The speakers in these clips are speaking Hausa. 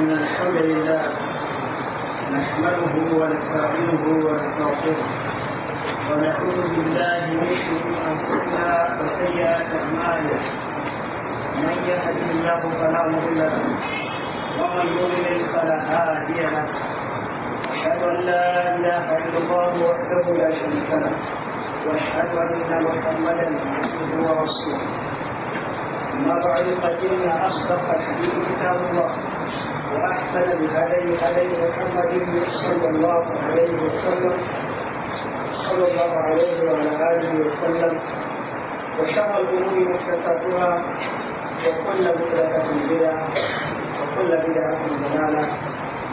إن الحمد لله نحمده ونستعينه ونستغفره ونعوذ بالله من شرور أنفسنا وسيئات أعمالنا من يهده الله فلا مضل له ومن يضلل فلا هادي له أشهد أن لا إله إلا الله وحده لا شريك له وأشهد أن محمدا عبده ورسوله ما بعد قدمنا أصدق الحديث كتاب الله وأحسن الهدي هدي محمد صلى الله عليه وسلم صلى الله عليه وعلى آله وسلم وشر الأمور محدثاتها وكل محدثة بدعة وكل بدعة ضلالة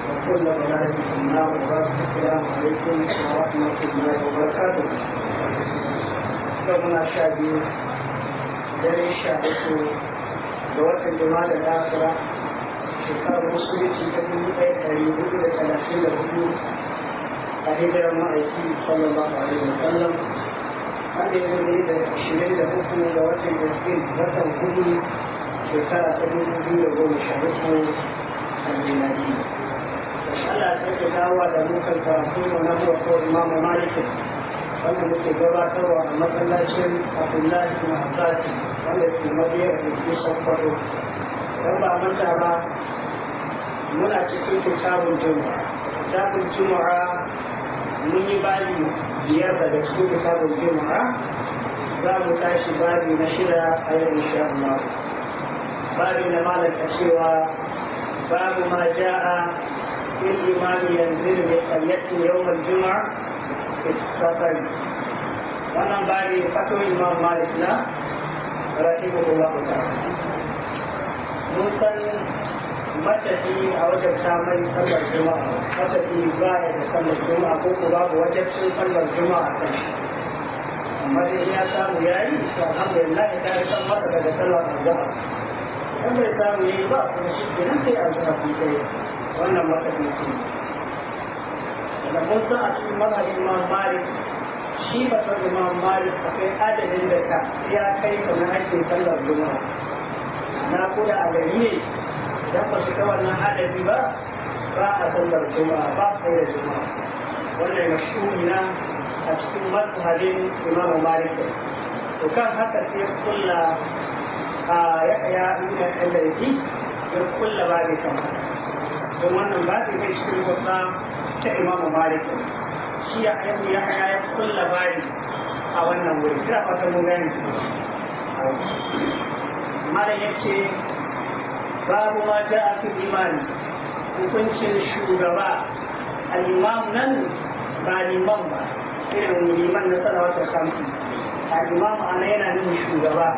وكل ضلالة في النار وبارك السلام عليكم ورحمة الله وبركاته يومنا شادي دري شاهدت دوات الجمال الآخرة shekarar musulunci ta dubu ɗaya ɗari hudu da talatin da hudu a hijirar ma'aiki sallallahu alaihi wa sallam wanda ya zo da ashirin da uku ga watan yasmin watan hudu shekara ta dubu biyu da goma sha uku a miladi. Allah ta ke dawowa da mukan karatu da na huwa ko imamu malikin wanda muke gabatarwa a matsalacin abdullahi na abbas wanda ke mabiyar da ke sakwato don ba manta ba muna cikin kitabun juma'a kitabun juma'a mun yi babi biyar daga cikin kitabun juma'a za mu tashi babi na shida a yau insha Allah babi na malaka cewa babu ma ja'a in imami yanzu bi sallati yawm al-jum'a istafan wannan babi fatoyin imam malik na rahimahullahu ta'ala mun san matafi a wajen samar sallar juma'a matafi ba ya da sallar juma'a ko ko babu wajen cin sallar juma'a a kan amma dai ya samu ya yi to alhamdulillah ya kare san masa daga sallar juma'a in bai samu yi ba kuma shi kenan sai a zuwa fi kai wannan matafi ce Daga mun san a cikin mazhabin imam malik shi ba san imam malik akwai adadin da ta ya kai kamar ake sallar juma'a na koda a gari ne idan ba shiga wannan adadi ba ba a sallar juma'a ba sai da juma'a wannan mashuri na a cikin mazhabin imamu malik to kan haka sai kulla a ya ya ina allazi ya kulla ba da kama don wannan ba zai kai cikin wasa ta imamu malik shi ya ayyuka ya ya kulla bari a wannan wuri kira fata mun gani مالي يكي باب ما جاء في الإيمان وكنش الشهود باء الإمام نن بعد الإمام فعل من الإيمان نصر وتخمس الإمام علينا من الشهود باء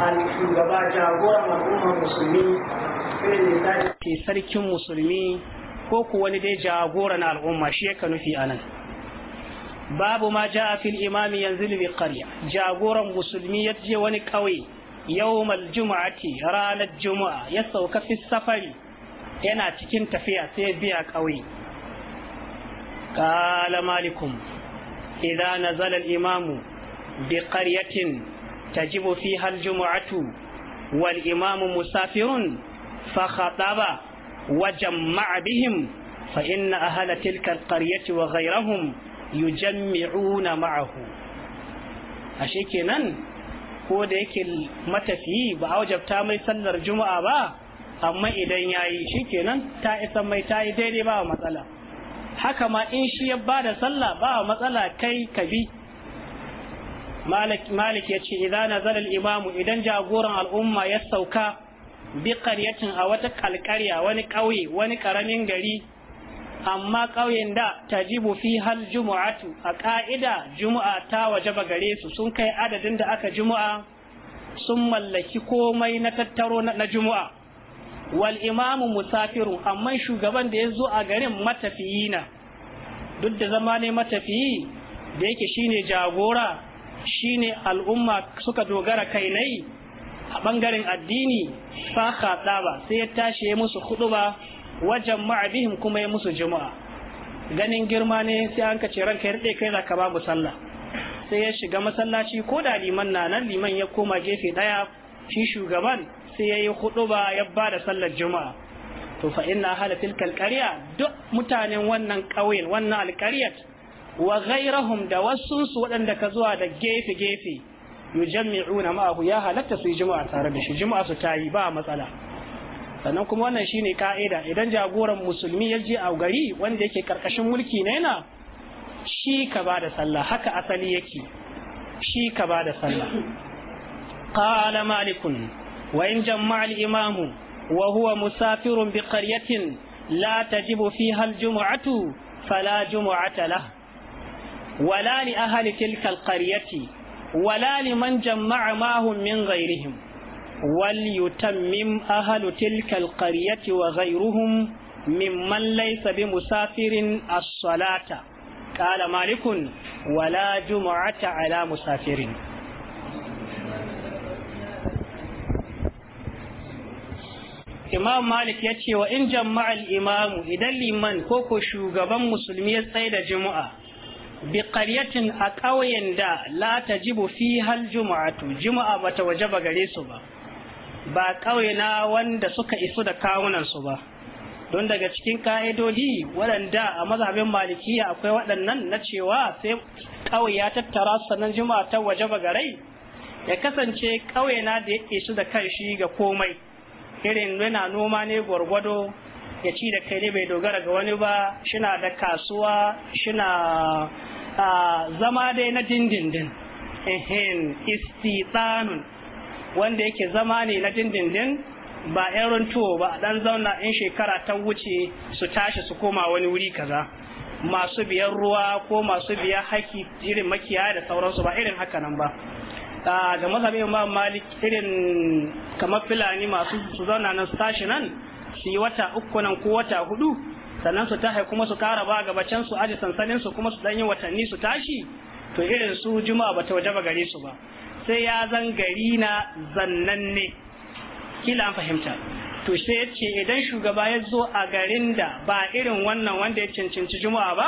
هل الشهود باء جاء غورا مرغوما مسلمين فعل نسان في سرك مسلمين كوكو ولدي جاء غورا نالغوما شيكا نفي أنا باب ما جاء في الإمام ينزل بقرية جاء غورا مسلمية جي ونكوي يوم الجمعة ران الجمعة يسوك في السفر ينا تكين تفيا سيبيا قوي قال مالكم إذا نزل الإمام بقرية تجب فيها الجمعة والإمام مسافر فخطب وجمع بهم فإن أهل تلك القرية وغيرهم يجمعون معه أشيكي من؟ ko da yake matafiyi ba a wajabta mai sallar juma'a ba amma idan ya yi shi kenan ta isa mai ta yi daidai ba matsala haka ma in shi ya bada sallah ba matsala kai ka bi malik ya ce idan nazar imamu idan jagoran al'umma ya sauka bi ƙaryacin a wata kalkarya wani ƙauye wani ƙaramin gari amma ƙauyen da ta ji fi hal jumu'atu a ƙa'ida jumu'a ta wajaba gare su sun kai adadin da aka jumu'a sun mallaki komai na tattaro na juma'a. wal imamu musafiru amma shugaban da ya zo a garin matafiyi na duk da zama ne matafiyi da yake shine jagora shine al'umma suka dogara kai nai a ɓangaren addini fa ba sai ya tashi ya musu hudu ba wajen ma'abihim kuma ya musu juma'a ganin girma ne sai an ka ce ranka yarda kai za ka babu sallah sai ya shiga masallaci ko da liman na nan liman ya koma gefe daya shi shugaban sai ya yi huduba ya ba da sallar juma'a to fa inna hala tilkal qarya duk mutanen wannan ƙauyen wannan alƙaryat wa ghairahum da wasu su waɗanda ka zuwa da gefe gefe yujammi'una ma'ahu ya halatta su yi juma'a tare da shi juma'a su tayi ba matsala sannan kuma wannan shine ka'ida idan jagoran musulmi ya je a gari wanda yake karkashin mulki ne yana shi ka ba da sallah haka asali yake shi ka ba da sallah qala malikun wa in jama'a al-imamu wa huwa musafirun bi qaryatin la tajibu fiha al-jum'atu fala jum'ata lah wala li ahli tilka al-qaryati wala liman jama'a mahum min ghayrihim وليتمم أهل تلك القرية وغيرهم ممن ليس بمسافر الصلاة قال مالك ولا جمعة على مسافر imam malik ya ce wa in jama'al imamu idan liman ko ko shugaban musulmi ya tsaye da juma'a bi qaryatin a ƙauyen da la tajibu fi hal juma'a bata wajaba gare su ba ba kawai na wanda suka isu da kawunansu ba don daga cikin ka'idodi waɗanda a mazhabin malikiya akwai waɗannan na cewa sai kawai ya tattara sannan juma'a ta waje bagarai ya kasance kawai na da ya isu da kanshi ga komai irin yana noma ne gwargwado ya ci da kai ne bai dogara ga wani ba shina da kasuwa shina ah, zama dai na dindindin ehin istitsanun wanda yake zama ne na dindindin ba yan runtuwo ba dan zauna in shekara ta wuce su tashi su koma wani wuri kaza masu biyan ruwa ko masu biyan haki irin makiya da sauransu ba irin haka nan ba ga mazhabin imam malik irin kamar fulani masu su zauna nan su tashi nan su yi wata uku nan ko wata hudu sannan su tahi kuma su kara ba gaba can su aji sansanin su kuma su danyi watanni su tashi to irin su juma'a bata waje ba gare su ba sai ya zan gari na zannanne kila an fahimta to sai yace idan shugaba ya zo a garin da ba irin wannan wanda ya cancanci juma'a ba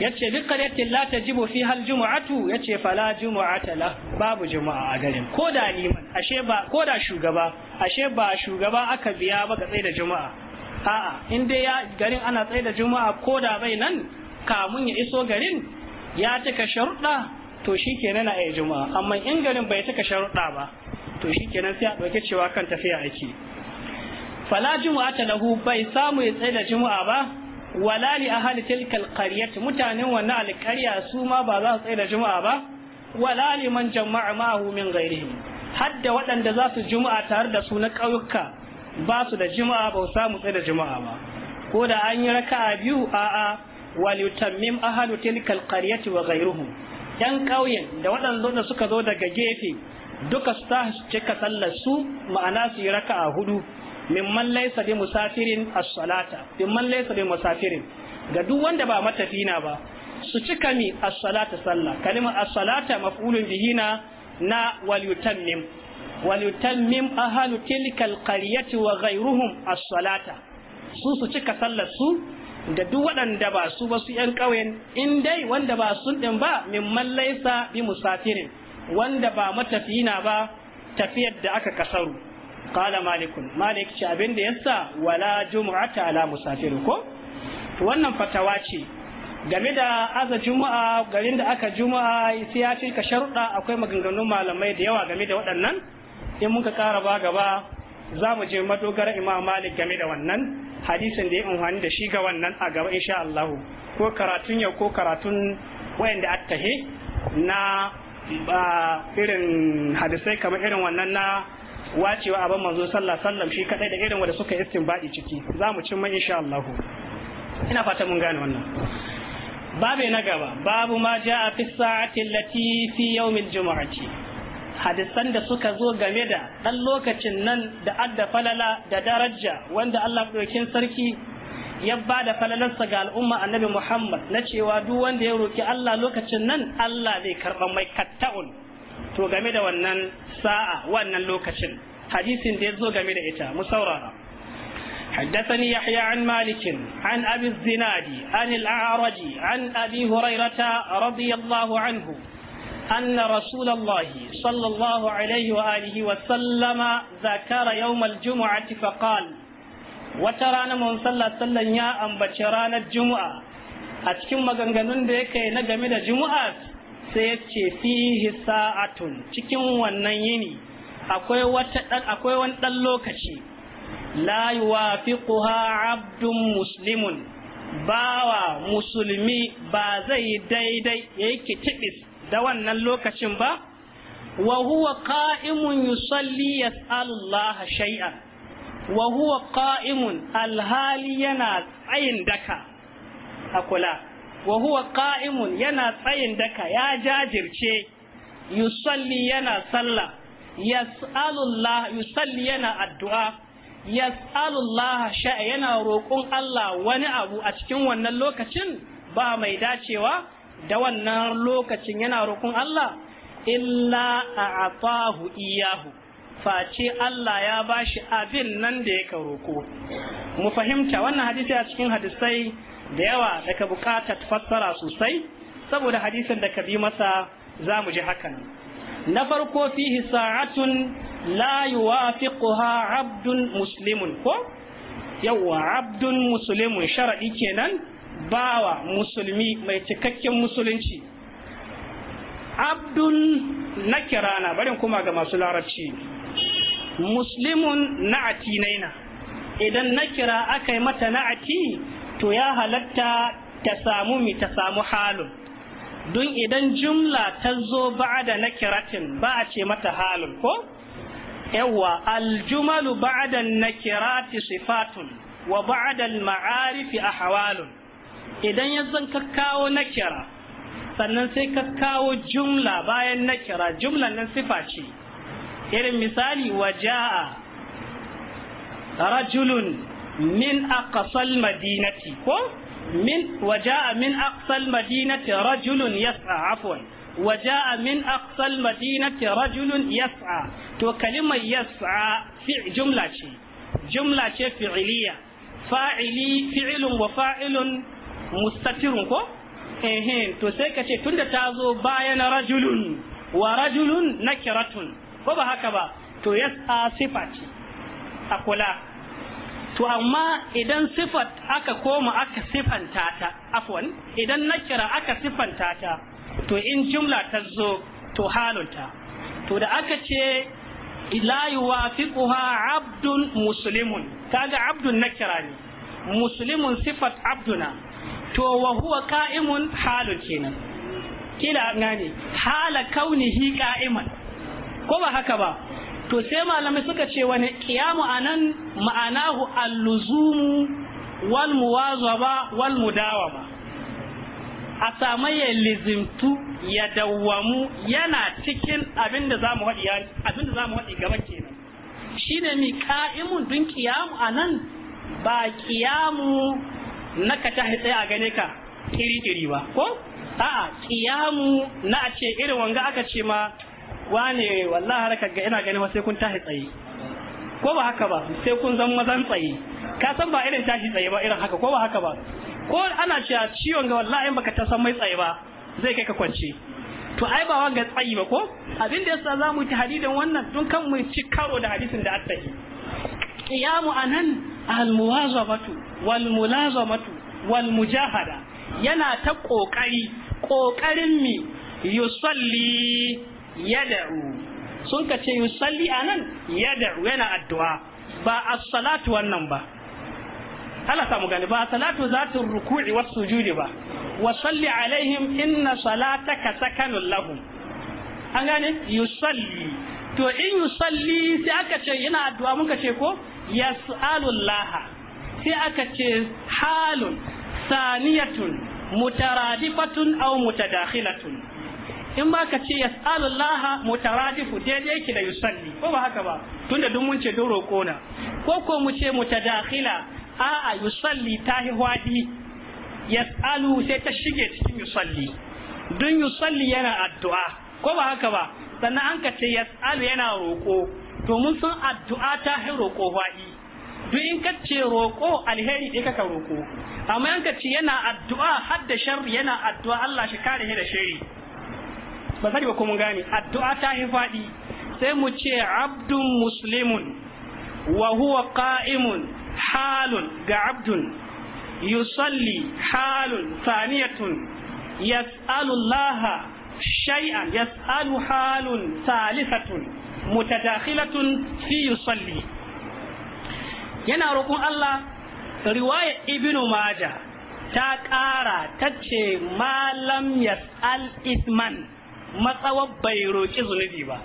ya ce bi qaryatin la tajibu fiha aljum'atu ya ce fala jumu'ata la babu juma'a a garin ko da liman ashe ba ko da shugaba ashe ba shugaba aka biya ba ga tsaye da juma'a a'a in dai ya garin ana tsaye da juma'a ko da bai nan kamun ya iso garin ya cika sharuɗa to shi kenan a yi juma'a amma in garin bai cika sharuɗa ba to shi kenan sai a ɗauki cewa kan tafiya ake fala juma'a ta lahu bai samu ya tsaye da juma'a ba wala li ahli tilkal qaryat mutanen wannan alƙarya su ma ba za su tsaye da juma'a ba wala liman jama'a ma'ahu min ghairihi hadda waɗanda za su juma'a tare da su na ƙauyuka ba su da juma'a ba samu tsaye da juma'a ba ko da an yi raka'a biyu a'a wal yutammim ahlu tilkal qaryati wa ghayruhum yan ƙauyen da waɗanda suka zo daga gefe duka su ta cika sallar su ma'ana su yi raka a hudu mimman laysa bi musafirin a salata mimman laysa bi musafirin ga duk wanda ba matafina ba su cika mi a salata sallah kalimar a salata maf'ulun bihi na na wal yutammim wal yutammim ahlu tilkal qaryati wa ghayruhum as-salata su su cika sallar su da duk waɗanda ba su ba su ‘yan ƙauyen in dai wanda ba sun ɗin ba mimman laisa bi musafirin wanda ba matafiyina ba tafiyar da aka kasaru kala malikun malik ce abin da yasa wala jumu'ata ala musafirin ko wannan fatawa ce game da aza juma'a garin da aka juma'a sai ya ce ka sharuɗa akwai maganganun malamai da yawa game da waɗannan in muka ƙara ba gaba za mu je madogara imam malik game da wannan hadisin da ya amfani da shi ga wannan a gaba insha Allah ko karatun yau ko karatun wayanda attahe na irin hadisai kamar irin wannan na wacewa abin manzo sallah sallam shi kadai da irin wanda suka istinbadi ciki za mu cimma insha Allah ina fata mun gane wannan babu na gaba babu ma jaa fi sa'ati allati fi yawmil jumu'ati hadisan da suka zo game da ɗan lokacin nan da adda falala da daraja wanda Allah ɗaukin sarki ya ba da falalarsa ga al'umma annabi Muhammad na cewa duk wanda ya roki Allah lokacin nan Allah zai karɓa mai katta'un to game da wannan sa'a wannan lokacin hadisin da ya zo game da ita mu saurara حدثني يحيى عن مالك عن أبي الزناد عن الأعرج عن أبي هريرة رضي الله عنه أن رسول الله صلى الله عليه وآله وسلم ذكر يوم الجمعة فقال وترانا من صلى صلى يا أم بشرانا الجمعة أتكم مغنغنون ديك نجمد الجمعة سيكي فيه ساعة تكم ونيني أكوي وتأل أكوي وانتل لوكشي لا يوافقها عبد مسلم bawa musulmi ba zai daidai ya yi kitibis da wannan lokacin ba wa huwa qa'imun yusalli yas'alullaha shay'an wa huwa qa'imun alhali yana tsayin daka wa huwa qa'imun yana tsayin daka ya jajirce yusalli yana sallah yusalli yana addu'a yas'alullah shay'a yana roƙon Allah wani abu a cikin wannan lokacin ba mai dacewa da wannan lokacin yana roƙon Allah illa a a'tahu iyahu face Allah ya ba shi abin nan da ya ka roƙo mu fahimta wannan hadisi a cikin hadisai da yawa da ka bukata fassara sosai saboda hadisin da ka bi masa za mu ji hakan na farko fihi sa'atun la yuwafiquha abdun muslimun ko yawa abdun muslimun sharadi kenan bawa musulmi mai cikakken musulunci abdun na kirana bari kuma ga masu larabci muslimun na'ati naina idan na kira aka yi mata na'ati to ya halatta ta samu mi ta samu halun don idan jumla ta zo ba da na kiratin ba a ce mata halun ko yawa aljumalu da ba'da nakirati sifatun wa ba da maarifi ahwalun idan ya zan ka kawo nakira sannan sai ka kawo jumla bayan nakira jumlan nan sifa ce irin misali waja'a rajulun min aqsal madinati ko min waja'a min aqsal madinati rajulun yas'a afwan waja'a min aqsal madinati rajulun yas'a to kalimar yas'a fi jumla ce jumla ce fi'iliya fa'ili fi'ilun wa fa'ilun mustatirun ko ehe to sai ka ce tunda ta zo bayan rajulun wa rajulun nakiratun ko ba haka ba to yasa sifa ce a kula to amma idan sifat aka koma aka sifanta ta afwan idan nakira aka sifanta ta to in jumla ta zo to halunta to da aka ce la yuwafiquha abdun muslimun kaga abdun nakira ne muslimun sifat abduna to wa huwa qa'imun halun kenan kila gane hala kaunihi qa'iman ko ba haka ba to sai malamai suka ce wani qiyamu anan ma'anahu al-luzumu wal muwazaba wal mudawama a samu ya lizimtu ya dawwamu yana cikin abinda zamu faɗi abinda zamu faɗi gaba kenan shine mi ka'imun dun a anan ba qiyamu na ka tahi tsaye a gane ka kiri-kiri ba ko a'a kiyamu na a ce irin wanga aka ce ma wane wallahi harkar ga ina ganin sai kun tashi tsaye ko ba haka ba sai kun zan mazan tsaye ka san ba irin tashi tsaye ba irin haka ko ba haka ba ko ana cewa ciwon ga wallahi baka ta san mai tsaye ba zai kai ka kwance to ai ba wanga tsayi ba ko abin da yasa zamu yi hadidin wannan don kan mu ci karo da hadisin da yi qiyamu anan almuwazabatu wal mulazamatu wal mujahada yana ta kokari kokarin mi yusalli yad'u sun ka ce yusalli anan yad'u yana addu'a ba a salatu wannan ba Allah mu gani ba salatu za ta ruku'i was sujudi ba wa salli alaihim inna salataka sakanun lahum an gane yusalli to in yusalli sai aka ce yana addu'a muka ce ko yas'alullaha sai aka ce halun saniyatun mutaradifatun aw mutadakhilatun in ba ka ce yas'alullaha mutaradifu daidai ki da yusalli ko ba haka ba tunda duk mun ce don roko na ko ko mu ce mutadakhila a'a yusalli ta wadi yas'alu sai ta shige cikin yusalli dun yusalli yana addu'a ko ba haka ba sannan an ka ce yas'alu yana roƙo to mun san addu'a ta hi roƙo wa'i duk in ka ce roƙo alheri ɗaya kaka roƙo amma in ka ce yana addu'a har da sharri yana addu'a Allah shi kare da shari ba sani ba ko mun gane addu'a ta hi faɗi sai mu ce abdun muslimun wa huwa qa'imun halun ga abdun yusalli halun saniyatun yas'alullaha Allah shay'an yas'alu halun salisatun mutadakhilatun fi yusalli yana roƙon Allah riwaya ibnu majah ta ƙara ta ce malam yas'al isman matsawar bai roƙi zunubi ba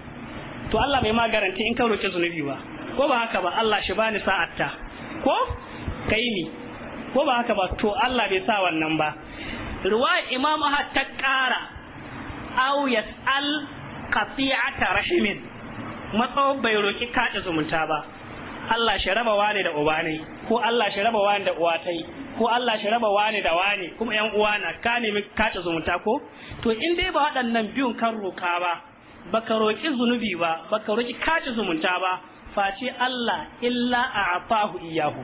to Allah bai ma garanti in ka roƙi zunubi ba ko ba haka ba Allah shi bani sa'atta ko kai ni ko ba haka ba to Allah bai sa wannan ba ruwa imamu ta ƙara aw yas'al qati'ata rahimin matsawon bai roƙi kaɗa zumunta ba Allah shi raba wane da ne? ko Allah shi raba wani da uwa uwatai ko Allah shi raba wani da wani kuma yan na, ka nemi kaɗa zumunta ko to in dai ba waɗannan biyun kan roƙa ba baka roƙi zunubi ba baka roƙi kaɗa zumunta ba face Allah illa a afahu iyahu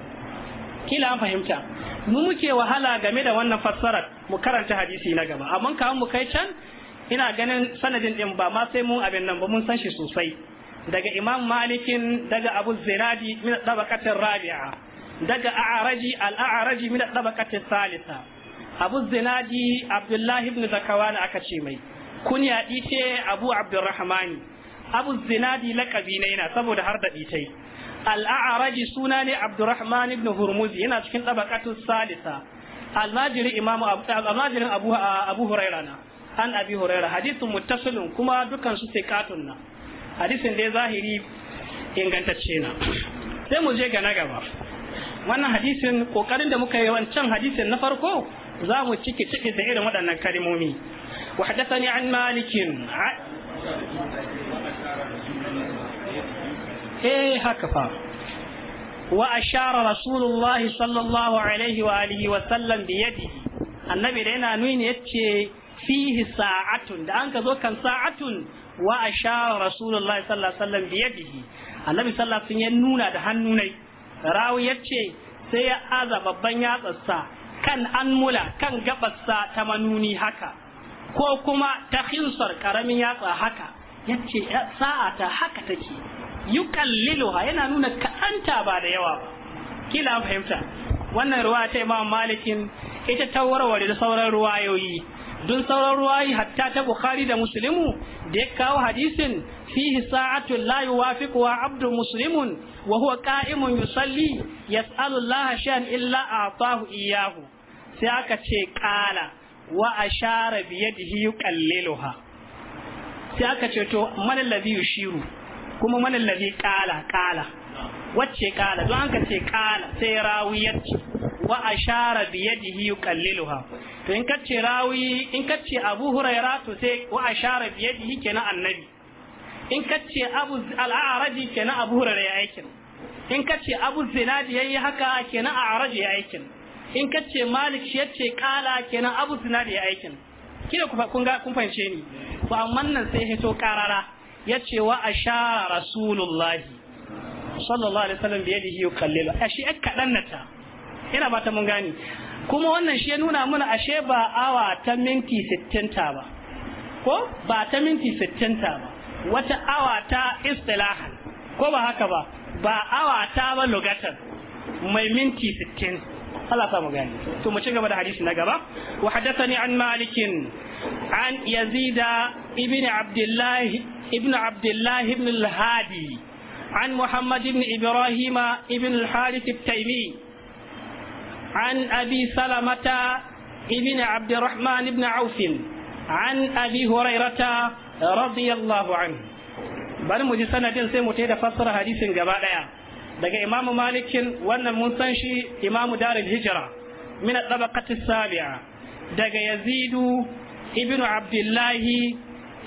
kila an fahimta mu muke wahala game da wannan fassarar mu karanta hadisi na gaba amma kawun mu kai can ina ganin sanadin din ba ma sai mun abin nan ba mun san shi sosai daga imam malikin daga abu zinadi min tabaqatir rabi'a daga a'raji al-a'raji min tabaqatir salisa abu zinadi abdullah ibn zakawan aka ce mai kunya dice abu abdurrahmani abu zinadi laqabi ne yana saboda har da ditai al-a'raji suna ne abdurrahman ibn hurmuzi yana cikin tabaqatir salisa al-majiri Abu al-majirin abu abu hurairah an abi hurairah hadithun muttasilun kuma dukan su sai katun na hadisin dai zahiri ingantacce na sai mu je ga na gaba wannan hadisin kokarin da muka yi wancan hadisin na farko za mu ciki ciki da irin waɗannan kalimomi wa haddathani an malikin eh haka fa wa ashara rasulullahi sallallahu alaihi wa alihi wa sallam bi yadihi annabi da yana nuni yace fihi sa'atun da an ka zo kan sa'atun wa ashara rasulullahi sallallahu alaihi wasallam bi yadihi annabi sallallahu alaihi wasallam ya nuna da hannu nai rawi yace sai ya aza babban yatsarsa kan anmula kan gabarsa ta manuni haka ko kuma ta khinsar karamin yatsa haka yace sa'a ta haka take yukalliluha yana nuna kaɗanta ba da yawa ba kila fahimta wannan ruwa ta imam malikin ita ta warware da sauran ruwayoyi dun sauran ruwayi hatta ta bukhari da muslimu da ya kawo hadisin fihi sa'atun la yuwafiqu wa abdu muslimun wa huwa qa'imun yusalli yas'alu Allah shay'an illa a'tahu iyyahu sai aka ce qala wa ashara bi yadihi yuqalliluha sai aka ce to man alladhi yushiru kuma man alladhi qala qala wacce kala don an ka ce kala sai rawiyar yace wa ashara bi yadihi yuqalliluha to in ka ce rawi in ka ce abu huraira to sai wa ashara bi yadihi kenan annabi in ka ce abu araji kenan abu huraira ya aikin in ka ce abu zinadi yayi haka kenan araji ya aikin in ka ce malik shi yace kala kenan abu zinadi ya aikin kina kun ga kun fahimce ni to amman nan sai hito karara yace wa ashara rasulullahi sallallahu alaihi wasallam bi yadihi yuqallilu ashe kadan nata ina ba ta mun gane kuma wannan shi ya nuna mana ashe ba awa ta minti 60 ta ba ko ba ta minti 60 ta ba wata awa ta istilahan ko ba haka ba ba awa ta ba lugatan mai minti 60 Allah samu gani to mu ci gaba da hadisi na gaba wa haddathani an malikin an yazida ibn abdullah ibn abdullah ibn al-hadi عن محمد بن إبراهيم بن الحارث التيمي عن أبي سلمة بن عبد الرحمن بن عوف عن أبي هريرة رضي الله عنه bari mu ji sanadin sai mu da fassara hadisin gaba daya daga imamu malikin wannan mun san shi imamu darul hijra min al-tabaqati sabi'a daga yazidu ibnu abdullahi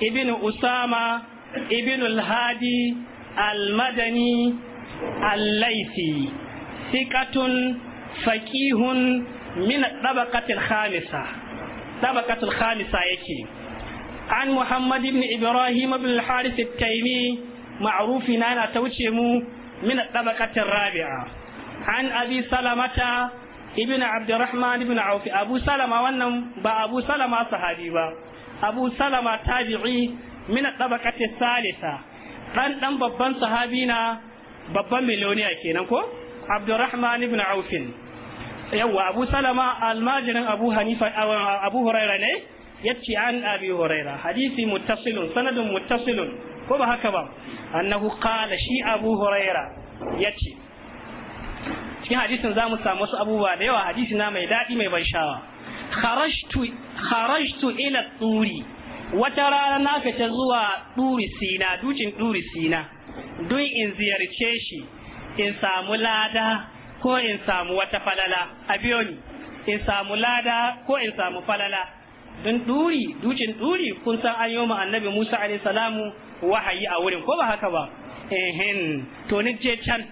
ibnu usama ibnu al-hadi almadani allaisi sikatun faƙihun min ɗabaƙatul khamisa ɗabaƙatul khamisa yake an muhammad ibn ibrahim ibn al-haris at-taymi ma'rufi na yana tauce mu min ɗabaƙatul rabi'a an abi salamata ibn abdurrahman ibn auf abu salama wannan ba abu salama sahabi ba abu salama tabi'i min ɗabaƙatul salisa Ɗan ɗan babban sahabi na babban miliyoniya kenan ko Abdurrahman ibn Auf yawa Abu Salama almajirin Abu Hanifa uh, Abu Huraira ne yace an Abi Huraira hadisi muttasilun sanadun muttasilun ko ba haka ba annahu qala shi Abu Huraira yace cikin hadisin zamu samu wasu abubuwa da yawa hadisi na mai daɗi mai ban sha'awa kharajtu kharajtu ila turi wata rana na fita zuwa ɗuri sina dukin ɗuri sina don in ziyarce shi in samu lada ko in samu wata falala a biyo ni in samu lada ko in samu falala don ɗuri dukin ɗuri kun san an yi annabi musa alaihi salamu wahayi a wurin ko ba haka ba ehen to ni je can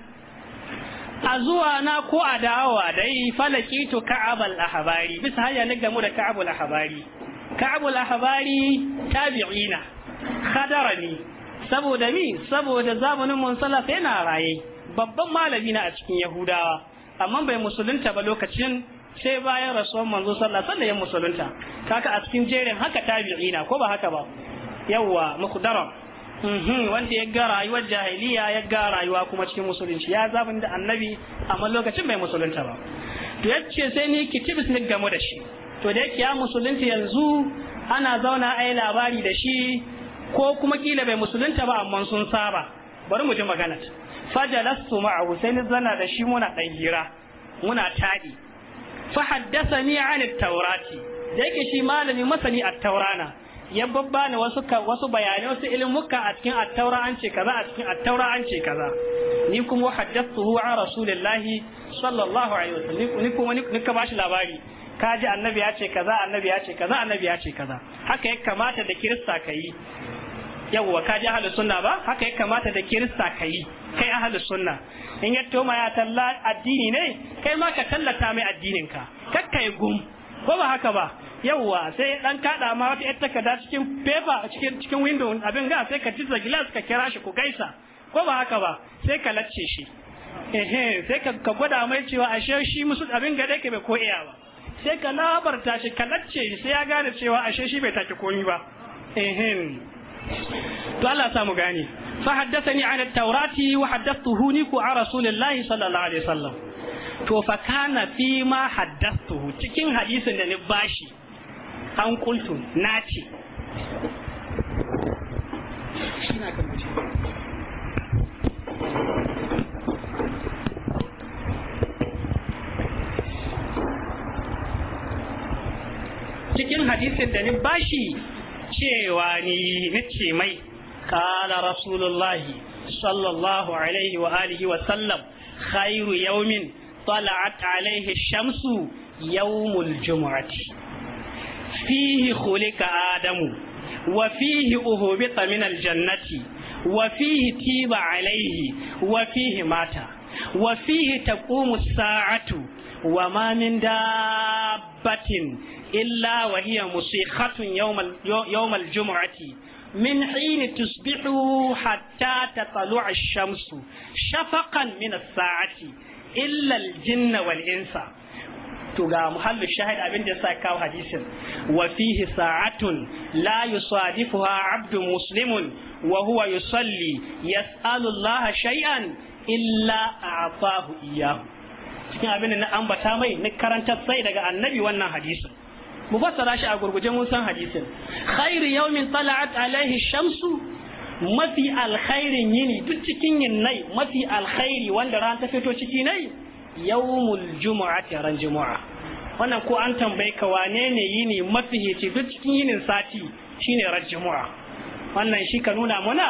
a zuwa na ko a dawowa dai falaki to ka'abal ahbari bisa hanyar ni mu da ka'abul ahbari ka'abul ahbari tabi'ina khadarani saboda mi saboda zamanin munsalaf yana raye babban malami na a cikin yahudawa amma bai musulunta ba lokacin sai bayan rasuwan manzo sallah sallah ya musulunta kaka a cikin jerin haka tabi'ina ko ba haka ba yawwa mukhdara wanda ya ga rayuwar jahiliya ya ga rayuwa kuma cikin musulunci ya zabin da annabi amma lokacin bai musulunta ba to yace sai ni kitibis ni gamu da shi to da yake ya musulunta yanzu ana zauna a yi labari da shi ko kuma kila bai musulunta ba amma sun saba bari mu ji magana fajalastu ma'ahu sai ni zana da shi muna dan hira muna tadi fa haddathani an at-taurati da yake shi malami masani at-taurana ya babbani wasu wasu bayanai wasu ilmuka a cikin at-taura an ce kaza a cikin at-taura an ce kaza ni kuma haddathuhu an rasulillahi sallallahu alaihi wasallam ni kuma ni ka bashi labari kaji annabi ya ce kaza annabi ya ce kaza annabi ya ce kaza haka ya kamata da kirista ka yi yawwa kaji ahlus sunna ba haka ya kamata da kirista ka yi kai ahlus sunna in ya toma ya talla addini ne kai ma ka tallata mai addinin ka ya gum ko ba haka ba yawwa sai dan kada ma wata yar takarda cikin paper cikin cikin window abin ga sai ka jiza glass ka kira shi ku gaisa ko ba haka ba sai ka lacce shi ehe sai ka gwada mai cewa ashe shi musu abin ga dai ke bai ko iya ba sai ka labarta shi ka lacce sai ya gane cewa ashe shi bai taki komi ba ehin to Allah samu gane fa haddathani an at-taurati wa haddathtuhu ni ku a rasulillahi sallallahu alaihi wasallam to fa kana fi ma haddathtuhu cikin hadisin da ni bashi an kultu nace cikin hadisin da ni bashi cewa ni nace mai qala rasulullahi sallallahu alaihi wa alihi wa sallam khairu yawmin طلعت عليه الشمس يوم الجمعة فيه خلق آدم وفيه أهبط من الجنة وفيه تيب عليه وفيه مات وفيه تقوم الساعة وما من دابة illa wa hiya musikhatun yawmal jumu'ati min hini tusbihu hatta tatlu'a ash-shamsu shafaqan min as-sa'ati illa al-jinna wal insa to ga muhallu shahid abin da yasa kawo hadisin wa fihi sa'atun la yusadifuha abdun muslimun wa huwa yusalli yas'alu Allah shay'an illa a'tahu iyyahu cikin abin da na ambata mai na karanta sai daga annabi wannan hadisin mu fassara shi a gurguje mun san hadisin khairu yawmin tala'at alaihi shamsu mafi alkhairin yini duk cikin yinnai mafi alkhairi wanda ran ta fito ciki nai yawmul jumu'ati ran jumu'a wannan ko an tambaye ka wane ne yini mafi hici duk cikin yinin sati shine ran jumu'a wannan shi ka nuna mana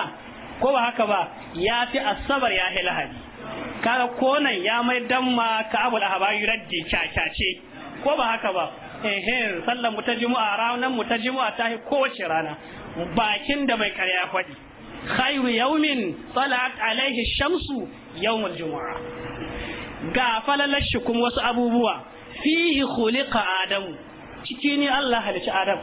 ko ba haka ba ya fi asabar ya hi lahadi kaga konan ya mai damma ka da ahbari raddi kyakkyace ko ba haka ba ehe sallar mu ta juma'a ranar mu ta juma'a ta kowace rana bakin da bai karya faɗi khairu yaumin salat alaihi shamsu yawmul juma'a ga falalar shi kuma wasu abubuwa fihi khuliqa adamu ciki ne Allah halici adam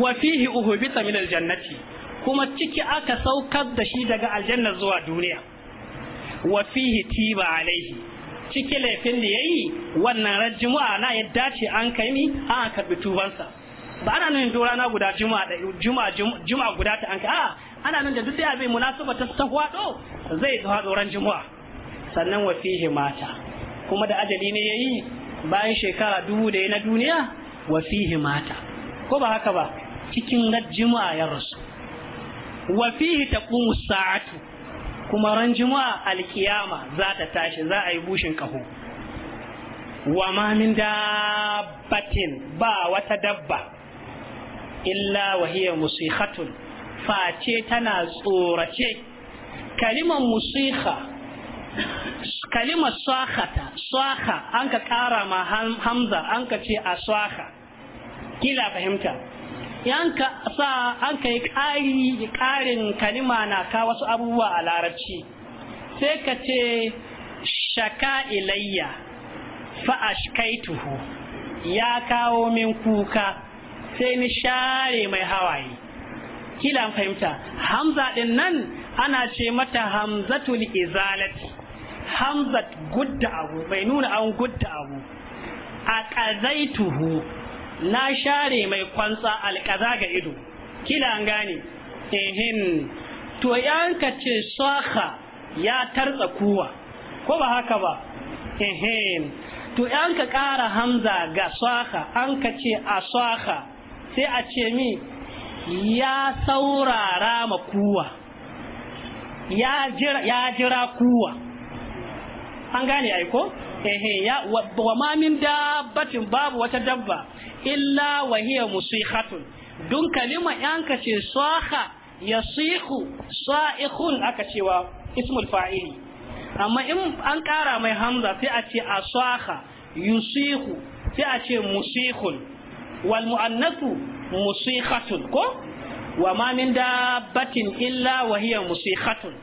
wa fihi uhubita min aljannati kuma ciki aka saukar da shi daga aljanna zuwa duniya wa fihi tiba alaihi cikin laifin da ya yi wannan ran juma'a na ya dace an kai mi an karbi tubansa ba ana nan dora na guda juma'a juma'a guda ta an kai a ana nan da duk da bai munasaba ta ta do zai ta hwado ran juma'a sannan wa fihi mata kuma da ajali ne yayi bayan shekara dubu da na duniya wa fihi mata ko ba haka ba cikin ran juma'a ya rasu wa fihi taqumu sa'atu kuma ran juma'a alkiyama za ta tashi za a yi bushin kaho wa ma dabbatin ba wata dabba illa wa hiya musihatun face tana tsorace kalimar musiha kalimar swahata swaha an ka kara ma hamza an ka ce a swaha kila fahimta yanka sa an kai da ƙarin kalima na ka wasu abubuwa a larabci sai ka ce shaka ilayya fa tuhu, ya kawo min kuka sai ni share mai hawaye kila fahimta hamza din nan ana ce mata hamzatul izalati hamzat gudda abu bai nuna an gudda abu a na share mai kwansa alƙaza ga ido kila an gane ehin to yanka ce saha ya tartsa kuwa ko ba haka ba ehin to yanka ƙara hamza ga saha an ka ce a saha sai a ce mi ya saurara ma kuwa ya jira, ya jira kuwa an gane aiko ehe ya wa, wa ma min dabbatin babu wata dabba illa wa hiya musihatun dun kalima yanka ce saha yasihu sa'ihun aka cewa ismul fa'ili amma in an kara mai hamza sai a ce asaha yusihu sai a ce musihun wal mu'annasu musihatun ko wa ma min dabbatin illa wa hiya musihatun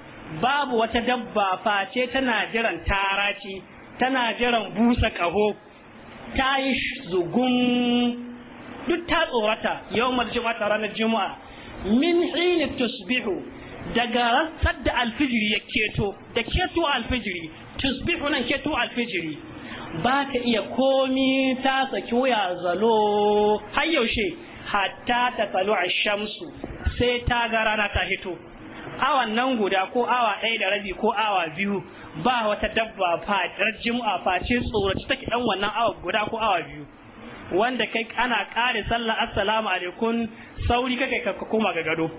babu wata dabba face tana jiran taraci tana jiran busa kaho ta yi zugun duk ta tsorata yau maljima ta ranar juma'a min hini tusbihu daga rantsar da alfijiri ya keto da keto alfijiri tusbihu nan keto alfijiri ba ta iya komi ta saki wuya zalo har yaushe hatta ta tsalo a shamsu sai ta ga rana ta hito awan nan guda ko awa ɗaya da rabi ko awa biyu ba wata dabba fa jum'a fa ce tsoraci take dan wannan awa guda ko awa biyu wanda kai ana kare sallah assalamu alaikum sauri kake ka koma ga gado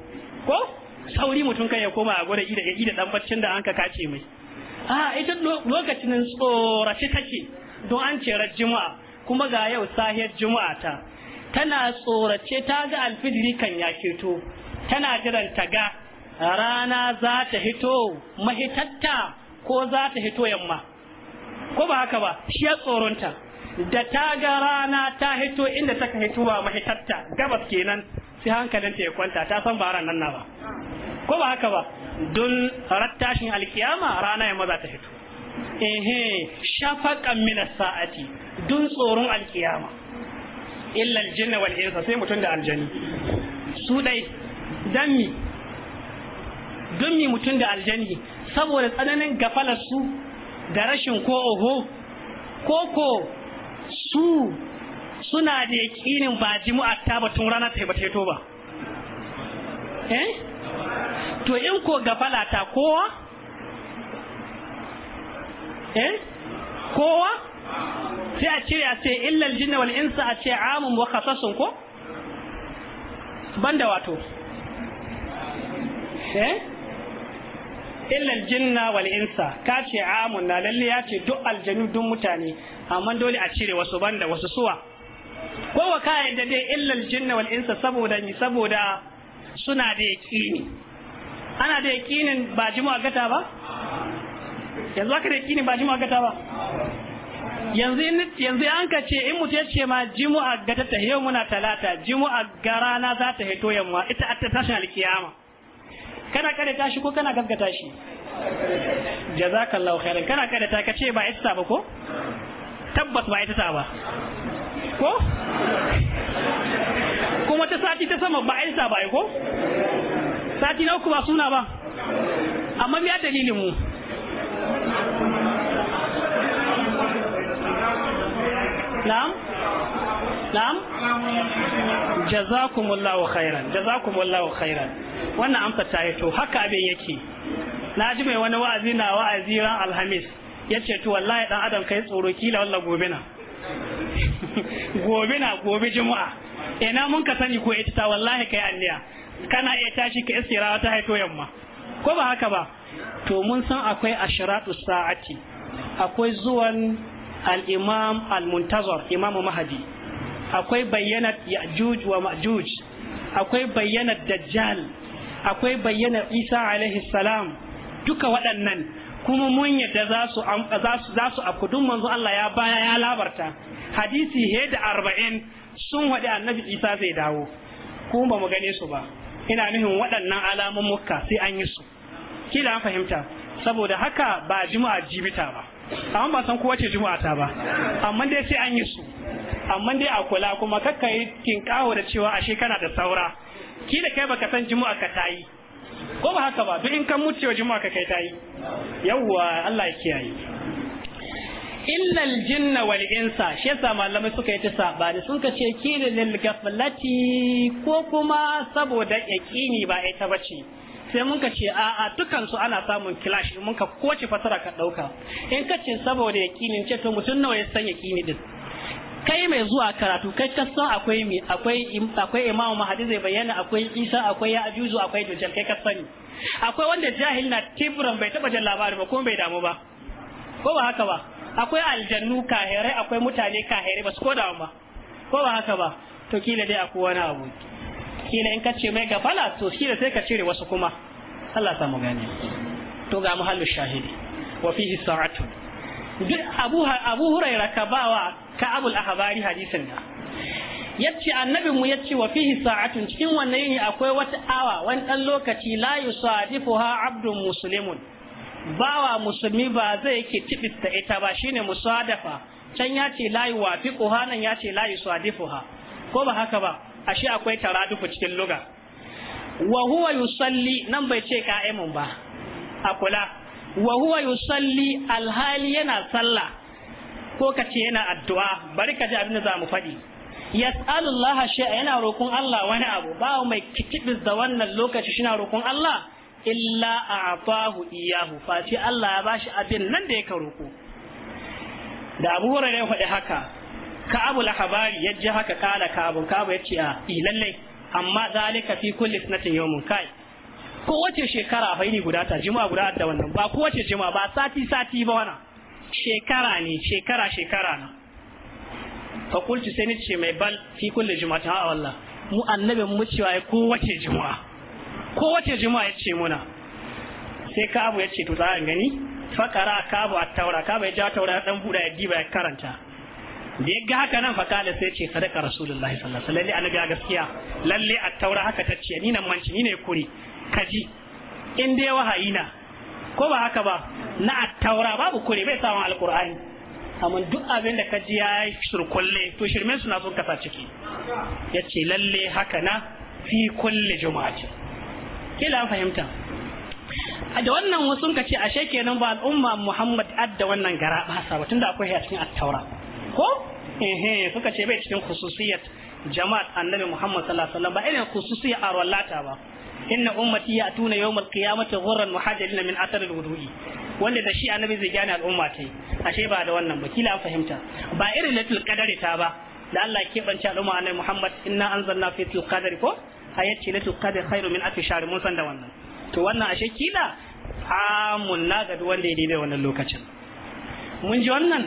ko sauri mutum kai ya koma a gwada ida ida dan baccin da an ka kace mai a ita lokacin tsoraci take don an ce juma'a kuma ga yau sahiyar juma'a ta tana tsorace ta ga alfidiri kan ya keto tana jiran ta ga rana za ta hito mahitatta ko za ta hito yamma ko ba haka ba shi ya tsoronta da ta ga rana ta hito inda ta hito ba mahitatta gabas kenan sai ta ya kwanta ta san ba ran nan ba ko ba haka ba don rattashin alkiyama rana yamma za ta hito ehe shafaƙan min sa'ati dun tsoron alkiyama illal jinna wal insa sai mutum da aljani su dai dan don mi mutum da aljani saboda tsananin gafalar su da rashin ko oho ko su suna da yakinin ba jimu'a ta ba tun rana ta ba ta ba eh to in ko gafala ta kowa eh kowa sai a cire a ce illal jinna wal insa a ce amun wa khasasun ko banda wato eh illal jinna wal insa ka ce amun na lalle ya ce duk aljanu duk mutane amma dole a cire wasu banda wasu suwa ko wa ka da dai illal jinna wal insa saboda ni saboda suna da yaqini ana da yaqinin ba jima'a gata ba yanzu aka da yaqini ba jima'a gata ba yanzu yanzu an ka ce in mutum ya ce ma jimu'a gata ta yau muna talata jimu'a garana za ta hito yamma ita ta tashin alkiyama kana karanta shi ko kana gaskata shi jazakallahu khairan kana karanta ka ce ba ita ba ko tabbas ba ita ta ba ko kuma ta sati ta sama ba ita ba ko sati na uku ba suna ba amma ya dalilin mu na'am na'am jazakumullahu khairan jazakumullahu khairan wannan amsa ta yi to haka abin yake na ji mai wani wa'azi na wa'azi ran alhamis ya ce to wallahi dan adam kai tsoro kila walla gobe na gobe na gobe juma'a ina mun ka sani ko ita ta wallahi kai anniya kana iya tashi ka iskira ta haito yamma ko ba haka ba to mun san akwai ashratu sa'ati akwai zuwan al-imam al-muntazir imam Mahdi akwai bayyana ya'juj wa ma'juj akwai bayyana dajjal akwai bayyana isa alaihi salam duka waɗannan kuma mun yadda za su za su afku duk manzo Allah ya baya ya labarta hadisi he da arba'in sun waɗi annabi isa zai dawo kuma ba mu gane su ba ina nuhin waɗannan alamun mukka sai an yi su kila an fahimta saboda haka ba juma'a jibita ba amma ba san kowace juma'a ta ba amma dai sai an yi su amma dai a kula kuma kakkai yi kawo da cewa ashe kana da saura ki da kai baka san juma'a ka tayi ko ba haka ba duk in kan mutu juma'a ka kai tayi yawwa Allah ya kiyaye illal jinna wal insa shi yasa malamai suka yi ta sabani sun kace da lil gaflati ko kuma saboda yaqini ba ita bace sai mun kace a a dukan su ana samun clash mun ka koce fasara ka dauka in kace saboda yaqinin ce to mutun nawa ya san yaqini din kai mai zuwa karatu kai ka san akwai mai akwai akwai imamu mahadi zai bayyana akwai isa akwai ya ajuzu akwai dujal kai ka sani akwai wanda jahil na tibran bai taba jin labari ba ko bai damu ba ko ba haka ba akwai aljannu kahirai akwai mutane kahirai ba su ko damu ba ko ba haka ba to kila dai akwai wani abu kila in ka ce mai gafala to kila sai ka cire wasu kuma Allah samu gane to ga muhallu shahidi wa fihi sa'atun duk abu abu hurairah ka bawa ka'abul ahbari hadisin da yace annabin mu yace wa fihi sa'atun cikin wannan yini akwai wata awa wani dan lokaci la yusadifuha abdun muslimun bawa musulmi ba zai yake tibitta ita ba shine musadafa can yace la yuwafiquha nan ya la yusadifuha ko ba haka ba ashe akwai taradufu cikin luga wa huwa yusalli nan bai ce ka'imun ba a kula wa huwa yusalli alhali yana sallah ko ka ce yana addu'a bari ka ji abin da za mu faɗi yas'alullah shay'a yana roƙon Allah wani abu ba mai kitibis da wannan lokaci shi na roƙon Allah illa a'tahu iyahu fati Allah ya bashi abin nan da yake roƙo da Abu Hurairah ya faɗi haka Ka'abul Ahbari ya ji haka kala Ka'abun Ka'abu ya ce a ah, lalle amma zalika fi kulli sanatin yawmun kai kowace shekara a fa guda ta juma'a guda da wannan ba kowace juma'a ba sati sati ba wannan shekara ne shekara shekara na fa sai sai ce mai bal fi kulli juma'a a wallah mu annabi mu cewa ko wace juma'a wace juma'a ya ce muna sai kabu ya ce to za a gani fakara kabu a taura kabu ya ja taura ya dan buda ya diba ya karanta da ya ga haka nan fakala sai ce sadaka rasulullahi sallallahu alaihi wasallam lalle annabi a gaskiya lalle a taura haka ta ce ni nan manci ni ne kuri kaji in dai wahayi na ko ba haka ba na attaura babu kure bai samun alkur'ani amma duk abin da ka ji ya yi surkulle to shirmen suna sun kasa ciki ya ce lalle haka na fi kulle juma'a ke la fahimta a da wannan wasu ka ce ashe kenan ba al'umma muhammad adda wannan gara basa ba tunda akwai a cikin attaura ko eh eh suka ce bai cikin khususiyat jama'at annabi muhammad sallallahu alaihi wasallam ba irin khususiyat arwallata ba inna ummati yatuna yawmal qiyamati ghurran muhajjalina min athar alwudu'i wanda da shi annabi zai gane al'umma ta ashe ba da wannan ba kila an fahimta ba irin latul qadari ta ba da Allah ke banci al'umma annabi Muhammad inna anzalna fi latul qadari ko ayati latul qadari khairu min alfi shahr mun san da wannan to wannan ashe kila amun na ga wanda ya daidai wannan lokacin mun ji wannan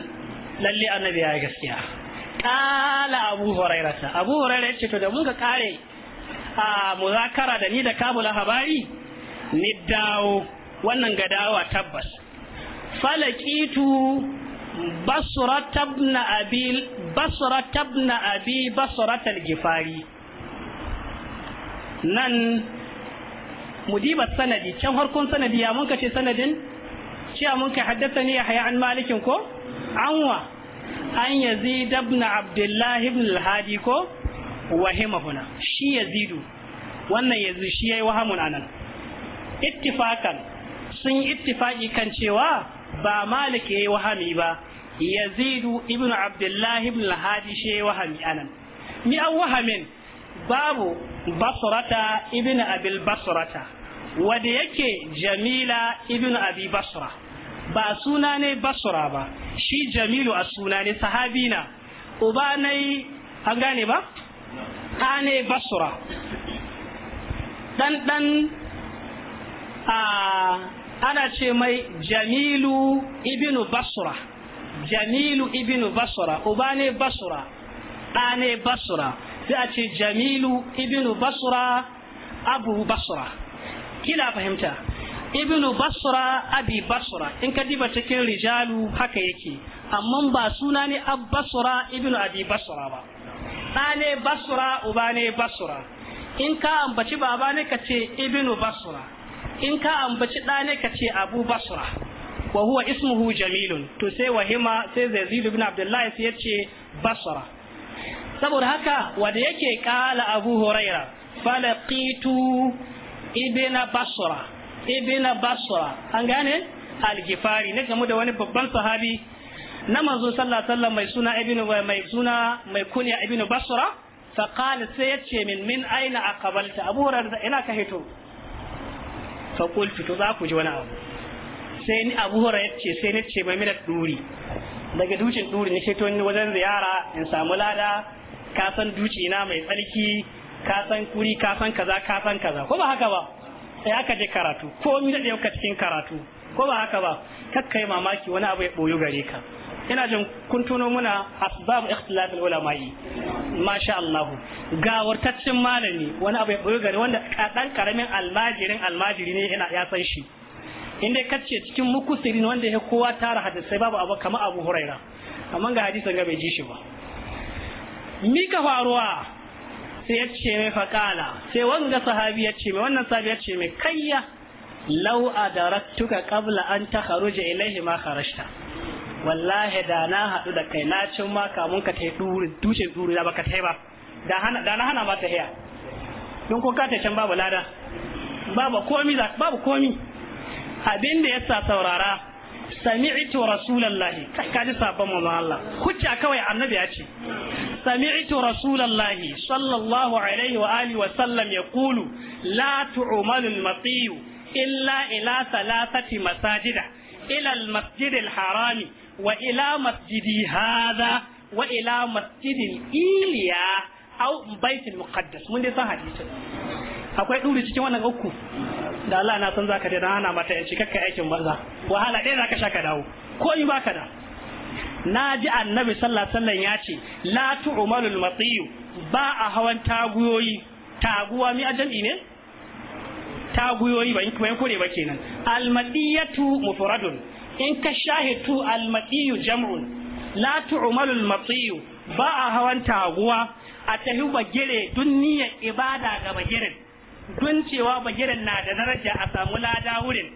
lalle annabi ya gaskiya kala abu hurairata abu hurairata ce to da mun ka kare a muzakara da ni da kabula habari ni dawo wannan ga dawa tabbas falakitu basra tabna abi basra tabna abi basra gifari nan mudibat sanadi can harkon sanadi ya mun kace sanadin cewa mun kai haddathani ya an malikin ko anwa an yazi dabna Abdullahi ibn al-hadi ko wahima huna shi yazidu wannan yanzu shi yi wahamun anan ittifakan sun ittifaki kan cewa ba malik yi wahami ba yazidu ibn abdullah ibn al-hadi shi yi wahami anan mi an wahamin babu basrata ibn abil Basurata wanda yake jamila ibn abi ba suna ne basra ba shi jamilu a suna ne sahabi na uba an gane ba ɗa ne ɗanɗan a ana ce mai jamilu ibnu basura jamilu ibnu basura uba ne basura ɗa ne basra sai a ce jamilu ibnu Basura abu Basura kila fahimta Ibinu basura abi Basura in ka diba cikin rijalu haka yake amma ba suna ne Basura Ibinu abi Basura ba ɗane ne basura uba basura in ka ambaci baba ne ka ce ibnu basura in ka ambaci ɗane ne ka ce abu basura wa huwa ismuhu jamilun to sai wahima sai yazid ibn abdullahi sai yace basura saboda haka wanda yake kala abu huraira falaqitu ibna basura ibna basura an gane al-gifari ne game da wani babban sahabi na manzon sallallahu alaihi wasallam mai suna ibnu mai suna mai kunya ibnu basra fa qala sai yace min min aina aqbalta abu hurairah ina ka hito fa qultu to za ku ji wani abu sai ni abu hurairah yace sai ni ce mai mina duri daga dukin duri ni to ni wajen ziyara in samu lada ka san duci na mai tsarki ka san kuri ka san kaza ka san kaza ko ba haka ba sai aka je karatu ko mi da yau ka cikin karatu ko ba haka ba kakkai mamaki wani abu ya boyo gare ka ina jin kun tuno muna asbab ikhtilaf ulama'i masha Allah gawartaccen malami wani abu ya boye gari wanda dan karamin almajirin almajiri ne yana ya san shi inda kace cikin mukusirin wanda ya kowa tara hadisai babu abu kamar Abu Huraira amma ga hadisin ga bai ji shi ba mi ka faruwa sai ya ce mai faƙala sai wanga sahabi ya ce mai wannan sahabi ya ce mai kayya lau a darattuka qabla an takharuja ilaihi ma kharajta wallahi da na haɗu da kai na cin ma kamun ka ta duri dushe duri da baka ta ba da hana da na hana ma ta haya don ko ka ta can babu lada babu komi za babu komi abin da yasa saurara sami'tu rasulullahi ka ji sabon mu Allah hujja kawai annabi ya ce sami'tu rasulullahi sallallahu alaihi wa alihi wa sallam yaqulu la tu'malu al-matiyu illa ila thalathati masajida ila al-masjid al-harami wa ila masjidi hadha wa ila masjidin iliya au baitul muqaddas mun dai san hadisin akwai duri cikin wannan uku da Allah na san zaka da hana mata yace kakka aikin banza wahala ɗaya zaka sha ka dawo ko yi baka da na ji annabi sallallahu alaihi wasallam ya ce la tu'malul ba a hawan taguyoyi taguwa mi ajami ne taguyoyi ba in kuma ba kenan al madiyatu mufradun in ka shahitu almatiyu jam'un la tu'malu almatiyu ba a hawan taguwa a tafi bagire dun niyyar ibada ga bagiren dun cewa bagiren na da daraja a samu lada wurin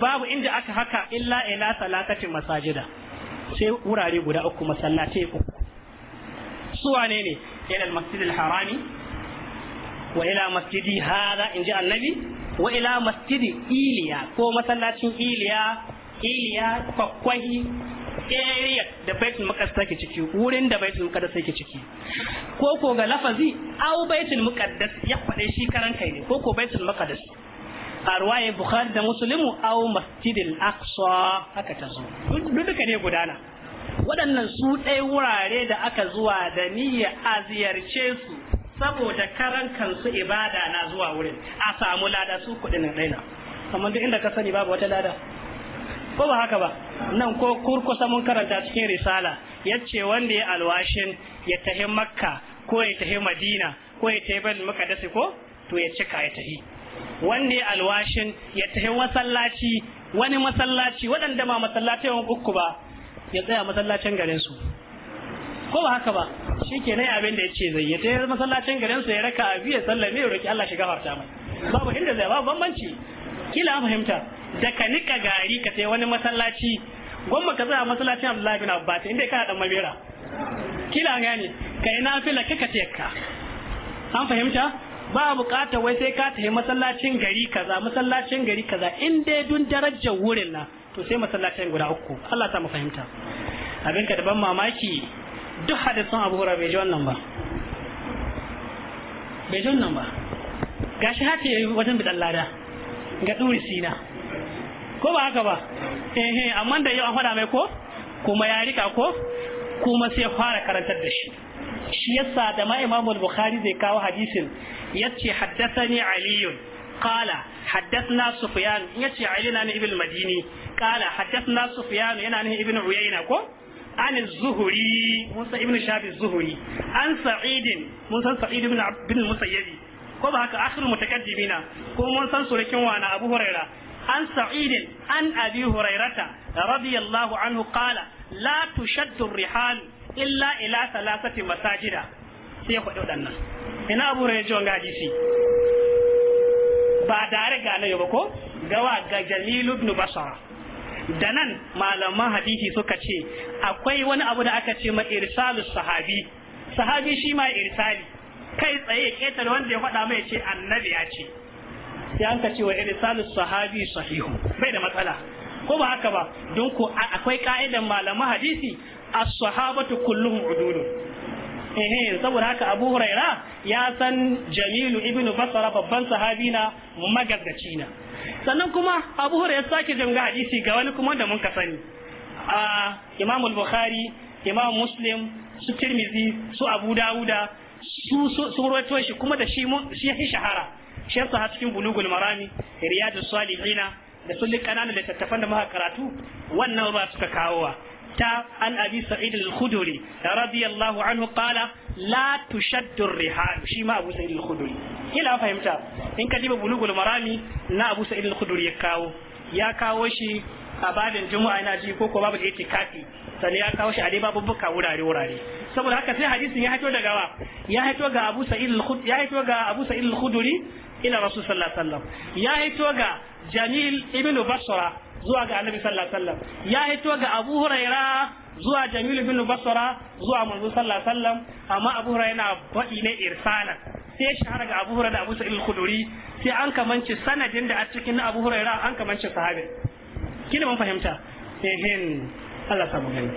babu inda aka haka illa ila salatati masajida sai wurare guda uku masallatai uku su wane ne ila almasjidil harami wa ila masjidi hada in ji annabi wa ila masjidi iliya ko masallacin iliya iliya kwakwahi area da baitul muqaddas take ciki wurin da baitul muqaddas take ciki ko ko ga lafazi au baitul muqaddas ya fade shi karan kai ne ko ko baitul muqaddas a bukhari da muslimu au masjidil aqsa haka ta zo duk duka ne gudana waɗannan su ɗai wurare da aka zuwa da niyya a ziyarce su saboda karan kansu ibada na zuwa wurin a samu lada su kuɗin ɗaina amma duk inda ka sani babu wata lada ko ba haka ba nan ko kurkusa mun karanta cikin risala ya ce wanda ya alwashin ya tahi makka ko ya tahi madina ko ya tahi bal muqaddasi ko to ya cika ya tahi wanda ya alwashin ya tahi masallaci wani masallaci waɗanda ma yawan uku ba ya tsaya masallacin garin su ko ba haka ba shi shikenan abin da ya ce zai ya tahi masallacin garin su ya raka abi ya sallame ya roki Allah shi gafarta mai babu inda zai babu bambanci kila fahimta da ka nika gari ka sai wani masallaci gwamma ka tsaya masallacin Abdullahi bin Abbas inda ka da mabera kila gane kai nafila kika ka an fahimta ba bukata wai sai ka tafi masallacin gari kaza masallacin gari kaza in dai dun darajar wurin na to sai masallacin guda uku Allah ta mu fahimta abin ka da ban mamaki duk hadisin Abu Hurairah bai ji wannan ba bai ji wannan ba gashi haka yayi wajen bidan lada ga duri sina ko ba haka ba eh amma da yau an faɗa mai ko kuma ya rika ko kuma sai fara karantar da shi shi yasa da ma Imam al-Bukhari zai kawo hadisin yace haddathani Ali قال حدثنا سفيان يتي علينا عن ابن المديني قال حدثنا سفيان ينا عن ابن عيينة ko, عن الزهري موسى ابن شاب الزهري عن سعيد موسى سعيد بن عبد المسيب ko ba haka akhir mutakaddimina ko mun san surukin wa na Abu Huraira an Sa'id an Abi Hurairata radiyallahu anhu qala la tushaddu rihal illa ila thalathati masajida sai ku wadannan ina Abu Hurairah jiwon gaji shi ba dare ga nayo ba ko gawa ga Jalil ibn da nan malaman hadisi suka ce akwai wani abu da aka ce ma irsalus sahabi sahabi shi ma irsali kai tsaye ya ketare wanda ya faɗa mai ce annabi ya ce Ya an ce wa irsalus sahabi sahihu bai da matsala ko ba haka ba don ko akwai ka'idan malaman hadisi as-sahabatu kulluhum udulun eh saboda haka Abu Huraira ya san Jamilu ibn Basra babban sahabi na magaggaci na sannan kuma Abu Huraira sake jin hadisi ga wani kuma da mun ka sani a ah, Imamul bukhari Imam Muslim su Tirmidhi su Abu Dawuda su sun shi kuma da shi shi ya shahara shi yasa cikin bulugul marami riyadus salihina da sun kananan littattafan da muka karatu wannan ba suka kawowa ta an abi sa'id al-khudri radiyallahu anhu qala la tushaddu ar-rihal shi ma abu sa'id al-khudri kila fahimta in ka diba bulugul marami na abu sa'id al-khudri ya kawo ya kawo shi a babin juma'a yana ji ko ko babu yake kafi sannan ya kawo shi a dai babubuka wurare wurare saboda haka sai hadisin ya haito daga wa ya haito ga Abu Sa'id al-Khudri ya haito ga Abu Sa'id al-Khudri ila Rasul sallallahu alaihi wasallam ya haito ga Jamil ibn Basra zuwa ga Annabi sallallahu alaihi wasallam ya haito ga Abu Huraira zuwa Jamil ibn Basra zuwa manzo sallallahu alaihi wasallam amma Abu Huraira yana faɗi ne irsalan sai ya shahara ga Abu Huraira da Abu Sa'id al-Khudri sai an kamance sanadin da a cikin Abu Huraira an kamance sahabi kina mun fahimta ehin Allah sabu gani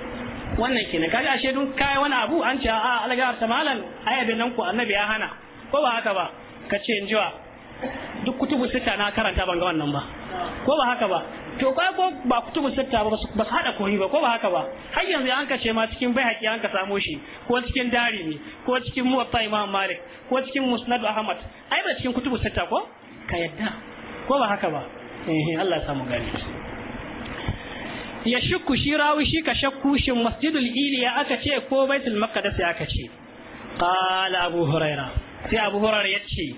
wannan kenan kaga ashe dun kai wani abu an ce a alaga ta malan ayyabin nan ku annabi ya hana ko ba haka ba kace in jiwa duk kutubu sita na karanta ban ga wannan ba ko ba haka ba to kai ko ba kutubu sita ba ba su hada koyi ba ko ba haka ba har yanzu an kace ma cikin bai haƙi an ka samo shi ko cikin ne ko cikin muwatta imam malik ko cikin musnad ahmad ai ba cikin kutubu sita ko ka yadda ko ba haka ba eh Allah ya samu gani ya shukku shi rawi shi ka shakku shin masjidul iliya aka ce ko baitul maqdis aka ce qala abu huraira sai abu huraira ya ce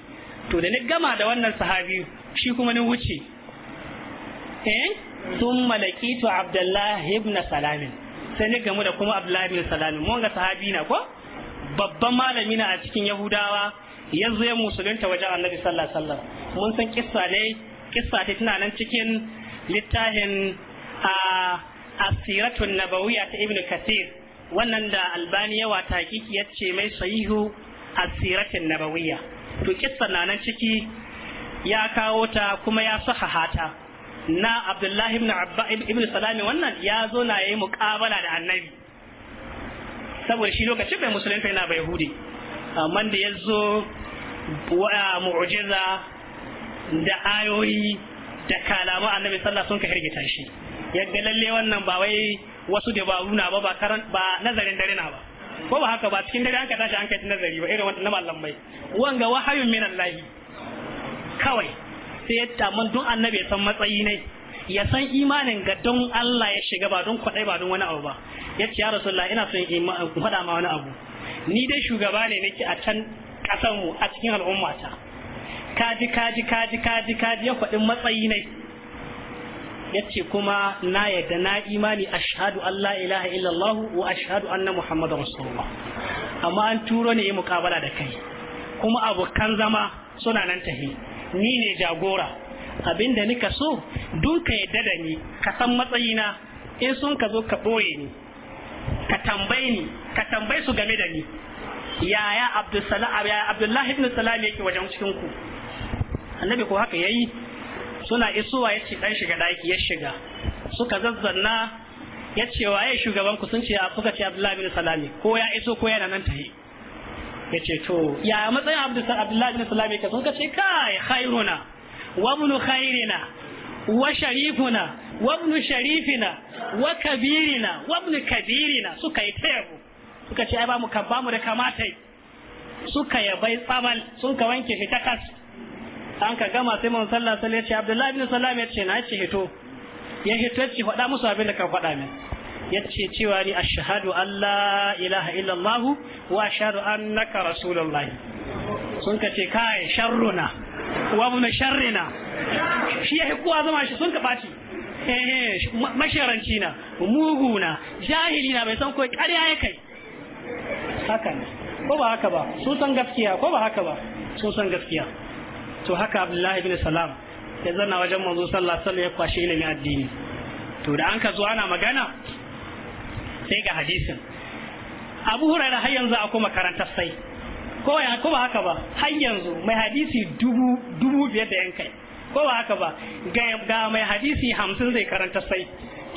to da ni gama da wannan sahabi shi kuma ni wuce eh thumma laqitu abdullahi ibn salam sai ni gamu da kuma Abdullah ibn salam mun ga sahabi na ko babban malami na a cikin yahudawa ya zo ya musulunta wajen annabi sallallahu alaihi wasallam mun san kissa dai kissa ta tana nan cikin littafin a asiratun nabawiya ta ibnu kathir wannan da albani yawa ki ya ce mai sahihu asiratun nabawiya to kissa na nan ciki ya kawo ta kuma ya sahaha ta na abdullahi ibn abba ibn salami wannan ya zo na yayi muqabala da annabi saboda shi lokacin bai musulunta yana bai hudi amma da ya zo mu'jiza da ayoyi da kalamu annabi sallallahu sun ka hirgita shi yadda lalle wannan ba wai wasu dabaru na ba ba ba nazarin dare na ba ko ba haka ba cikin dare an ka tashi an kai nazari ba irin wannan na malamai wanga wahayun min Allah kawai sai yadda mun don annabi san matsayi ne ya san imanin ga don Allah ya shiga ba don kwadai ba don wani abu ba yace ya rasulullahi ina son in faɗa ma wani abu ni dai shugaba ne nake a can mu a cikin al'ummata kaji kaji kaji kaji kaji ya faɗin matsayi ne yace kuma na yadda na imani ashhadu an la ilaha illallah wa ashhadu anna muhammadar rasulullah amma an turo ne mukabala da kai kuma abokan zama suna nan tahi ni ne jagora abinda nika so duka ka yadda da ni ka san matsayina in sun ka zo ka boye ni ka tambaye ni ka tambaye su game da ni yaya abdullahi ibn salam yake wajen cikin ku annabi ko haka yayi suna isuwa ya ce ɗan shiga ɗaki ya shiga suka zazzanna ya ce wa ya shugaban ku sun ce kuka ce abdullahi bin salami ko ya iso ko yana nan tahi ya ce to ya matsayin abdullahi bin salami ka sun ka ce kai khairuna wa ibn khairina wa sharifuna wa ibn sharifina wa kabirina wa ibn kabirina suka yi tayabu suka ce ai ba mu ba mu da kamata suka yabai tsamal sun ka wanke fitakas an ka gama sai mun sallah sallah yace Abdullahi ibn Salam yace na ce hito ya hito yace faɗa musu abin da ka faɗa min yace cewa ni ashhadu alla ilaha illa allah wa ashhadu annaka rasulullahi sun ka ce kai sharruna wa mun sharrina shi ya kuwa zama shi sun ka baci masharanci na mugu na jahili na bai san ko ƙarya ya kai haka ne ko ba haka ba sun san gaskiya ko ba haka ba sun san gaskiya to haka abdullahi bin salam ya zanna wajen manzo sallallahu alaihi wasallam ya kwashi ilimi addini to da an ka zo ana magana sai ga hadisin abu hurairah har yanzu akwai makarantar sai ko ya ko ba haka ba har yanzu mai hadisi dubu dubu biyar da yan kai ko ba haka ba ga mai hadisi hamsin zai karanta sai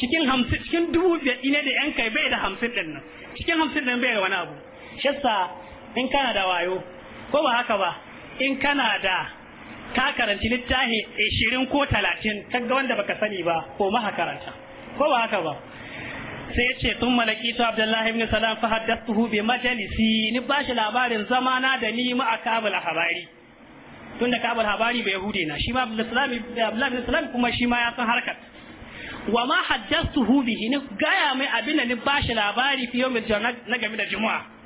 cikin hamsin cikin dubu biyar ne da yan kai bai da hamsin din nan cikin hamsin din bai da wani abu shassa in kana da wayo ko ba haka ba in kana da ka karanci littafi 20 ko 30 kaga wanda baka sani ba ko ma karanta ko ba haka ba sai ya ce tun malaki to abdullahi ibn salam fa haddathu bi majalisi ni bashi labarin zamana da ni ma akabul habari tunda kabul habari bai hude na shi ma abdullahi ibn salam kuma shi ma ya san harkar wa ma haddathu bihi ni gaya mai abin da ni bashi labari fi yawmil jumu'a na game da jumu'a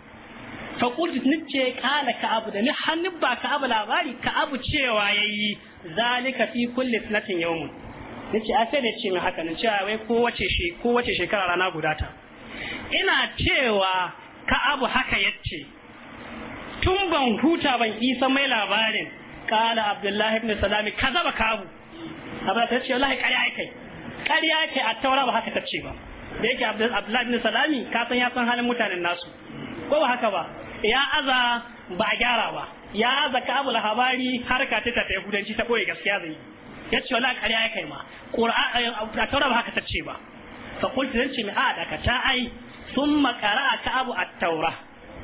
faƙultu ni ce ka abu da ni hannun ba ka abu labari ka abu cewa ya yi zalika fi kulli sanatin yawmun ni ce a sai da ce mai haka nan cewa wai kowace she kowace shekara rana gudata ina cewa ka abu haka yace tun ban huta ban isa mai labarin ƙala abdullahi ibn salami kaza ba ka'abu abin ta ce wallahi ƙarya kai ƙarya kai a taura ba haka ta ce ba da yake abdullahi ibn salami ka san ya san halin mutanen nasu ko ba haka ba ya aza ba a gyara ba ya aza kabul habari harka ta tafiya gudanci ta koyi gaskiya zai ya ce wala ƙarya ya kai ma eh, a taura ba haka ta ce ba fa kulti zan ce mi a daga ta ai sun makara a abu a taura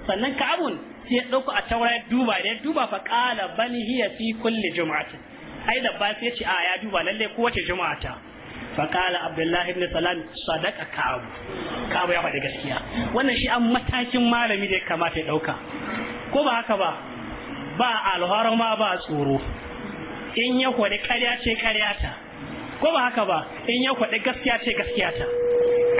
sannan ka abun sai ya ɗauko a taura ya duba da ya duba fa ƙala bani hiya fi kulli juma'atin ai da ba sai ya ce a ya duba lalle kowace juma'a ta فقال عبد الله بن سلام صدق كعب كعب ya faɗi gaskiya wannan shi an matakin malami da ya kamata ya ɗauka ko ba haka ba ba alhawar ma ba tsoro in ya kwaɗi karya ce karya ta ko ba haka ba in ya kwaɗi gaskiya ce gaskiya ta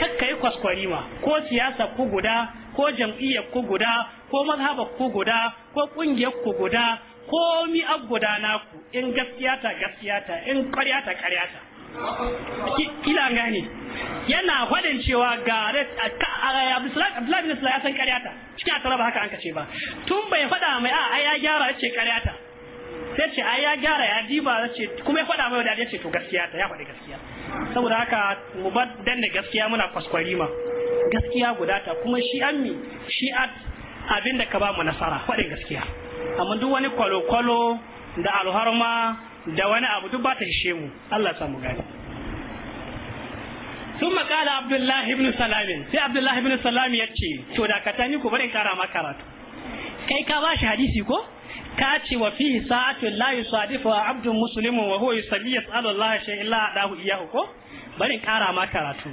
kakka yi kwaskwari ma ko siyasa ku guda ko jam'iyyar ku guda ko mazhabar ku guda ko ƙungiyar ku guda ko mi guda naku in gaskiya ta gaskiya ta in karya ta karya ta ila gane yana faɗin cewa ga Abdullahi bin Isla ya san karyata cikin a ba haka an kace ba tun bai faɗa mai a ya gyara ya ce karyata sai ce ai ya gyara ya diba ya ce kuma ya faɗa mai wadda ya ce to gaskiya ta ya faɗi gaskiya saboda haka mu bar danne gaskiya muna kwaskwari ma gaskiya guda ta kuma shi an mi shi at abin da ka ba mu nasara faɗin gaskiya amma duk wani kwalo-kwalo da alharma da wani abu duk ba ta ishe mu Allah samu gani sun makala abdullahi ibn salamin sai abdullahi ibn salam ya ce to da ka tani ku bari in kara ma karatu kai ka ba shi hadisi ko ka ce wa fihi sa'atun la yusadifu abdun muslimun wa huwa yusalli yas'alu Allah shay'in la adahu iyahu ko bari in kara ma karatu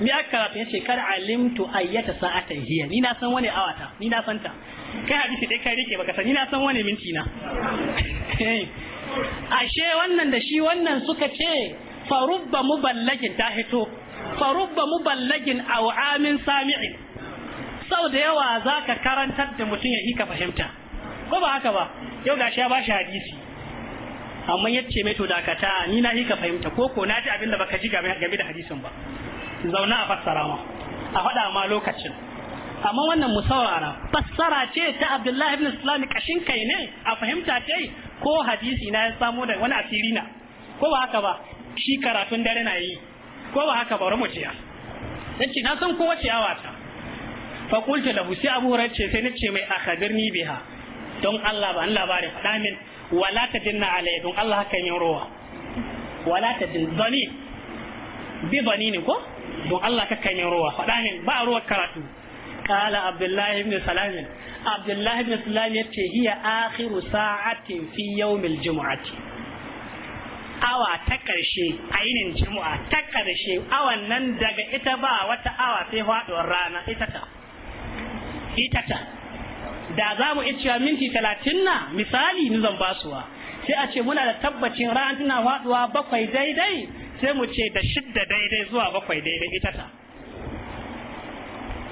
ni aka karatu yace kar alimtu ayyata sa'atan hiya ni na san wani awata ni na san ta kai hadisi dai kai rike baka san ni na san wani minti na eh. ashe wannan da shi wannan suka ce farubba ballagin ta hito farubba mu aw amin sami'i sau da yawa za ka karantar da mutum ya ka fahimta ko ba haka ba yau gashi ya bashi hadisi amma ya ce mai to dakata ni na ka fahimta ko ko na ji abinda baka ji game da hadisin ba zauna a fassara ma a faɗa ma lokacin amma wannan musaurara fassara ce ta abdullahi ibn Islam kashin kai ne a fahimta ce ko hadisi na ya samu da wani asiri na ko ba haka ba shi karatun dare na yi ko ba haka ba wani muciya yace na san kowa ciyawa ta fa qultu lahu sai Abu Hurairah ce sai nace mai akhadirni biha don Allah ba Allah bare fada min wala ta dinna alai don Allah haka yin ruwa, wala ta din zani bi bani ne ko don Allah ka kan yin rowa fada min ba ruwa karatu qala abdullahi ibn salamin. abdullahi bin salam ya ce hiya akhiru sa'atin fi yawmil jumu'ati awa ta karshe a jumu'a ta karshe awan nan daga ita ba wata awa sai faduwar rana ita ta ita ta da za mu iya cewa minti talatin na misali ni zan basuwa sai a ce muna da tabbacin rana tana faduwa bakwai daidai sai mu ce da shidda daidai zuwa bakwai daidai ita ta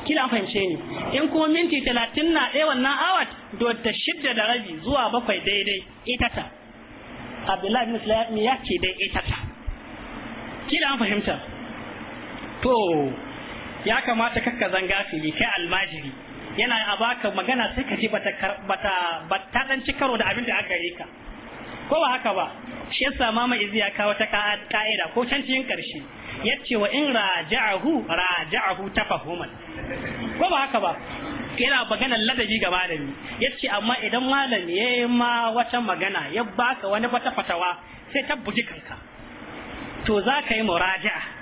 kila an fahimce ni in kuma minti talatin na ɗaya wannan awat to ta shidda da rabi zuwa bakwai daidai ita ta abdullahi bin sulaimi ya ce dai ita ta kila fahimta to ya kamata kakka zanga fili kai almajiri yana a baka magana sai ka ji bata bata bata dan karo da abin da aka yi ka ko ba haka ba shi yasa mama izi ya kawo ta ka'ida ko cancin cikin karshe yace wa in raja'ahu raja'ahu tafahuman ko ba haka ba yana maganar ladabi ga malami yace amma idan malami yayi ma wata magana ya baka wani wata fatawa sai ta buji kanka to za ka yi muraja'a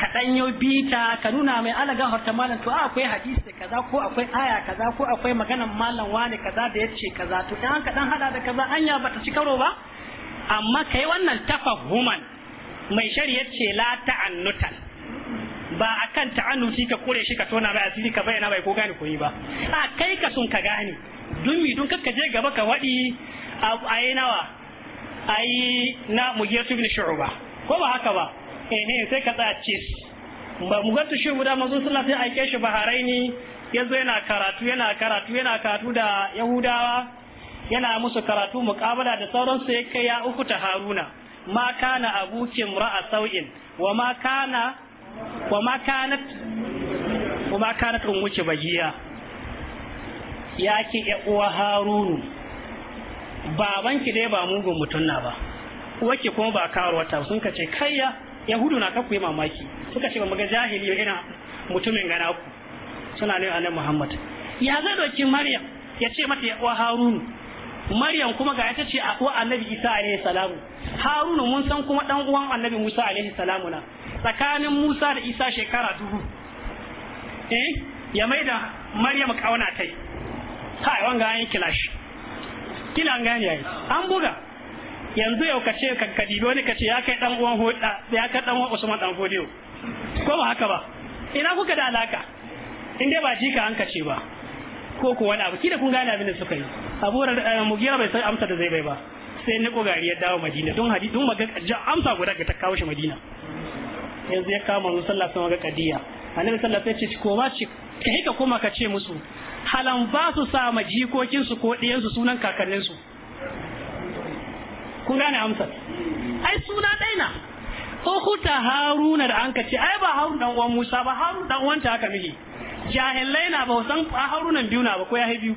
ka danyo bita ka nuna mai alaga horta malam to akwai hadisi kaza ko akwai aya kaza ko akwai maganan malam wani kaza da yace kaza to dan ka dan hada da kaza anya bata ci karo ba amma kai wannan tafahuman mai shari'a ce la ta'annutan ba akan ta'annuti ka kore shi ka tona mai asiri ka bayyana bai ko gane koyi ba a kai ka sun ka gane dumi dun kakka je gaba ka wadi a nawa ayi na mujiyatu bin shu'ba ko ba haka ba ne sai ka tsaya cis ba mu ga tushin guda manzo sallah sai aike shi baharaini zo yana karatu yana karatu yana karatu da yahudawa yana musu karatu muqabala da sauransu ya kai ya uku ta haruna ma kana abuki imra'a sau'in wa ma kana wa ma kana wa ma kanat wuce bagiya yake ya uwa harunu babanki dai ba mugun mutum na ba uwarki kuma ba karuwa ta sun kace kayya yahudu na kakku yi mamaki suka ce ba ga jahili ina mutumin gana ku suna ne annabi muhammad ya zai doki maryam ya ce mata ya uwa harun maryam kuma ga ita ce a uwa annabi isa alaihi salamu harun mun san kuma dan uwan annabi musa alaihi salamu na tsakanin musa da isa shekara dubu eh ya mai da maryam kauna kai kai wanga an yi kilashi kila an ya yi. an buga yanzu yau ka ce ka dibi wani ka ce ya kai dan uwan hoda ya kai dan uwan Usman dan Fodiyo ko ba haka ba ina kuka da alaka in dai ba jika an kace ba ko ko wani abu kida kun gane abin da suka yi Abu eh, Mugira bai san amsa da zai bai ba sai ni ko gari ya dawo Madina don hadi don maga amsa guda ga ta kawo shi Madina yanzu ya kama manzo sallallahu alaihi wasallam ga kadiya annabi sallallahu alaihi wasallam ya ce ba shi ka hika koma ka ce musu halan ba su sa ma su ko diyan su sunan kakannin su ku ne amsar ai suna ɗaya na huta haruna da an ce ai ba harun dan uwan musa ba harun dan uwan ta haka miki jahilai na ba san harunan biyu na ba ko ya biyu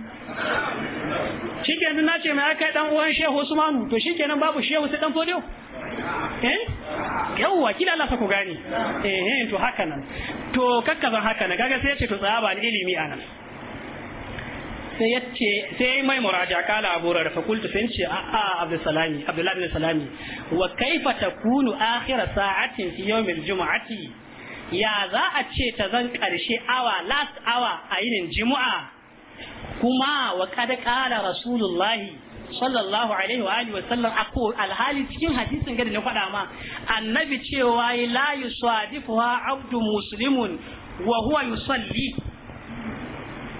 shikenan na ce mai aka dan uwan shehu usmanu to shikenan babu shehu sai dan fodiyo eh yawwa kila Allah ku gane eh, eh to haka nan to kakkazan haka nan kaga sai ya ce to tsaya ba ilimi anan sai ya ce sai mai muraja kala abu hurairah fa qultu sai ce a a abdusalami abdullahi bin salami wa kaifa takunu akhir sa'atin fi yawm aljum'ati ya za a ce ta zan karshe awa last hour a yinin juma'a kuma wa kad qala rasulullahi sallallahu alaihi wa alihi wa sallam ako alhali cikin hadisin gadi na faɗa ma annabi cewa la yusadifuha abdu muslimun wa huwa yusalli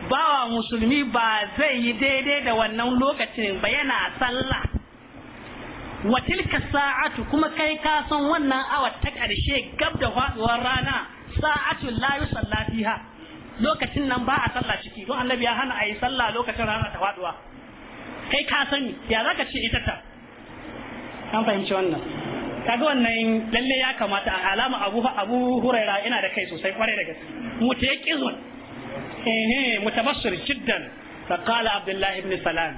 bawa musulmi ba zai yi daidai da wannan lokacin ba yana sallah watilka sa'atu kuma kai ka san wannan awa ta ƙarshe gab da faɗuwar rana sa'atu la yusalla fiha lokacin nan ba a sallah ciki don annabi ya hana a yi sallah lokacin rana ta faɗuwa kai ka sani ya zaka ce ita ta an fahimci wannan kaga wannan lalle ya kamata alama abu abu huraira ina da kai sosai kwarai da gaske mu ya kizon ehe mutabassir jiddan fa qala abdullahi ibn salam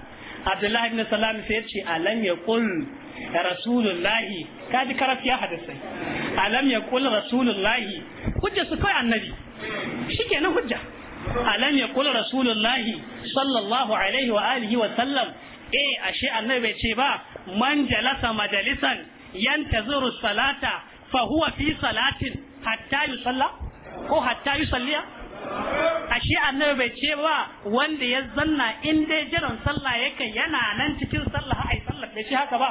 abdullahi ibn salam sai yace alam yaqul rasulullahi kaji karafiya hadisai alam yaqul rasulullahi hujja su kai annabi shikenan hujja alam yaqul rasulullahi sallallahu alaihi wa alihi wa sallam eh ashe annabi bai ce ba man jalasa majalisan yantazuru salata fa huwa fi salatin hatta yusalla ko hatta yusalliya ashe annabi bai ce ba wanda ya zanna in dai jiran sallah yakan yana nan cikin sallah ai sallah bai ce haka ba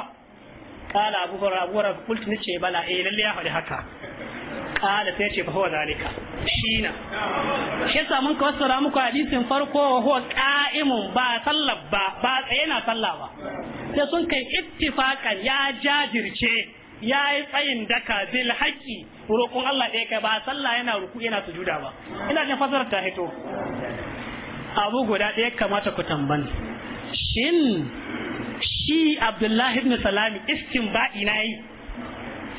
kala abu hurairah abu hurairah kultu nace bala eh lalle ya faɗi haka kala sai ce fa huwa zalika shina shi yasa mun ka wasara muku hadisin farko wa huwa qa'imun ba sallah ba ba tsaye na sallah ba sai sun kai ittifaqan ya jajirce ya yi tsayin daka bil haƙƙi roƙon Allah ɗaya kai ba sallah yana ruku yana sujuda ba ina jin fasarar ta hito abu guda ɗaya kamata ku tamban shin shi Abdullahi ibn Salami ba ina yi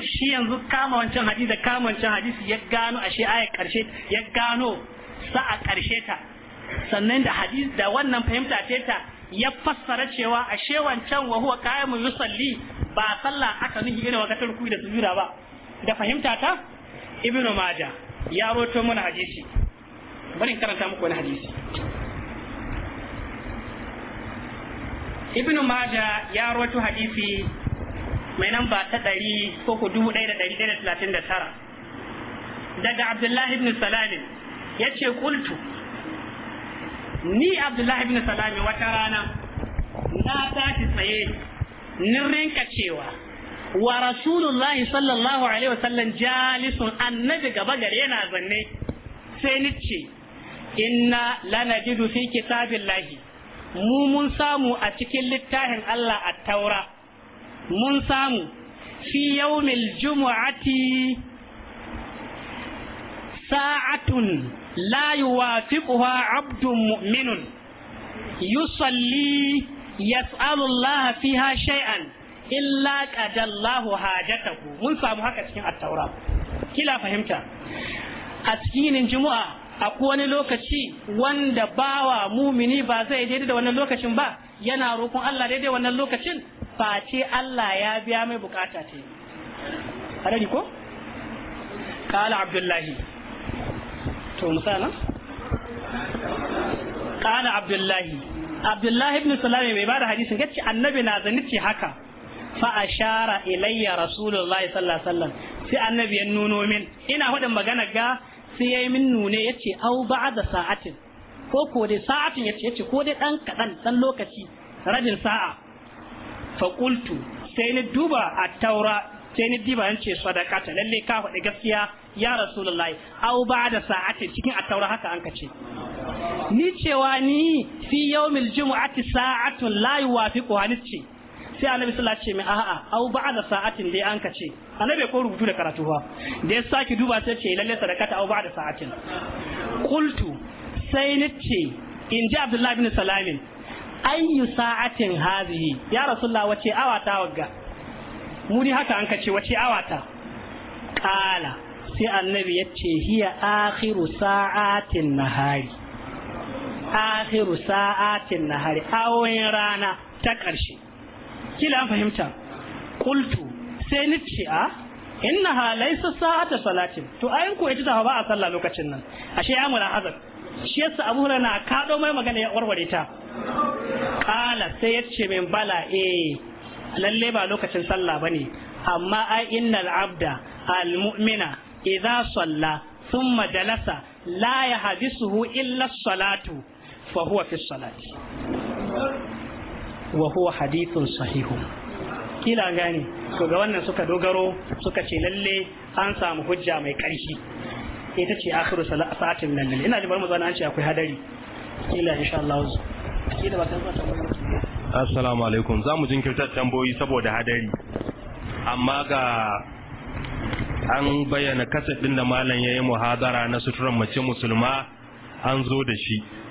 shi yanzu kama wancan hadisi da kama wancan hadisi ya gano a ayar karshe ya gano sa'a karshe ta sannan da hadisi da wannan fahimta ce ta ya fassara cewa ashe wancan wa huwa qa'imun yusalli ba sallah aka nuhi irin wakatar ku da sujuda ba da fahimta ta ibnu majah ya roto mana hadisi bari in karanta muku wani hadisi ibnu majah ya roto hadisi mai namba ta ɗari ko ku dubu ɗaya da ɗari ɗaya da talatin da tara daga abdullahi ibn salamin ya ce kultu ni abdullahi ibn salami wata rana na tashi tsaye ni rinka cewa wa rasulullahi sallallahu alaihi wasallam jalisun annabi gaba gare yana zanne sai ni ce inna lanajidu fi kitabillahi mu mun samu a cikin littafin Allah a taura mun samu fi yawmil jumu'ati sa'atun la yuwafiquha abdun mu'minun yusalli yas'alu Allah fiha shay'an illa qadallahu hajatahu mun samu haka cikin at kila fahimta a cikin juma'a akwai wani lokaci wanda bawa mumini ba zai daidai da wannan lokacin ba yana roƙon Allah daidai wannan lokacin face Allah ya biya mai bukata ta yi ko qala abdullahi to misalan kana abdullahi abdullahi ibn salami mai bada hadisin yace annabi na zani ce haka fa ashara ilayya rasulullahi sallallahu alaihi wasallam sai annabi ya nuno min ina faɗin magana ga sai yayi min nune yace au ba'da sa'atin ko ko dai sa'atin yace yace ko dai dan kadan dan lokaci radin sa'a fa qultu sai ni duba at taura sai ni diba an ce sadakata lalle ka faɗi gaskiya ya rasulullahi au ba da sa'atin cikin attaura haka an kace ni cewa ni fi yawmil jumu'ati sa'atun la yuwafiqu hanicci sai annabi sallallahu alaihi wasallam a'a au ba da sa'atin dai an kace annabi ko rubutu da karatu ba da ya saki duba sai ce lalle sadakata au ba da sa'atin qultu sai ni ce in ji abdullahi bin salamin ayyu sa'atin hazihi ya rasulullah wace awa ta wagga mu ni haka an kace wace awata kala sai annabi ya ce hiya akhiru sa'atin nahari akhiru sa'atin nahari awoyin rana ta ƙarshe kila an fahimta qultu sai ni ce a ha laysa sa'atu salatin to ayin ko ita ba a sallah lokacin nan ashe ya mura azab shi yasa Abu Hurairah na kado mai magana ya warware ta kala sai ya ce min bala eh lalle ba lokacin sallah bane amma ai innal abda al mu'mina idza salla thumma jalasa la yahdisuhu illa salatu fa huwa fi as-salati wa huwa hadithun sahihun kila gane to ga wannan suka dogaro suka ce lalle an samu hujja mai karfi ita ce akhiru sa'atin nan ina ji bar mu zana an ce akwai hadari kila insha Allah kila ba ta zata assalamu alaikum za mu jinkirtar tamboyi saboda hadari amma ga an bayyana kasafin da malam ya yi muhadara na suturan mace musulma an zo da shi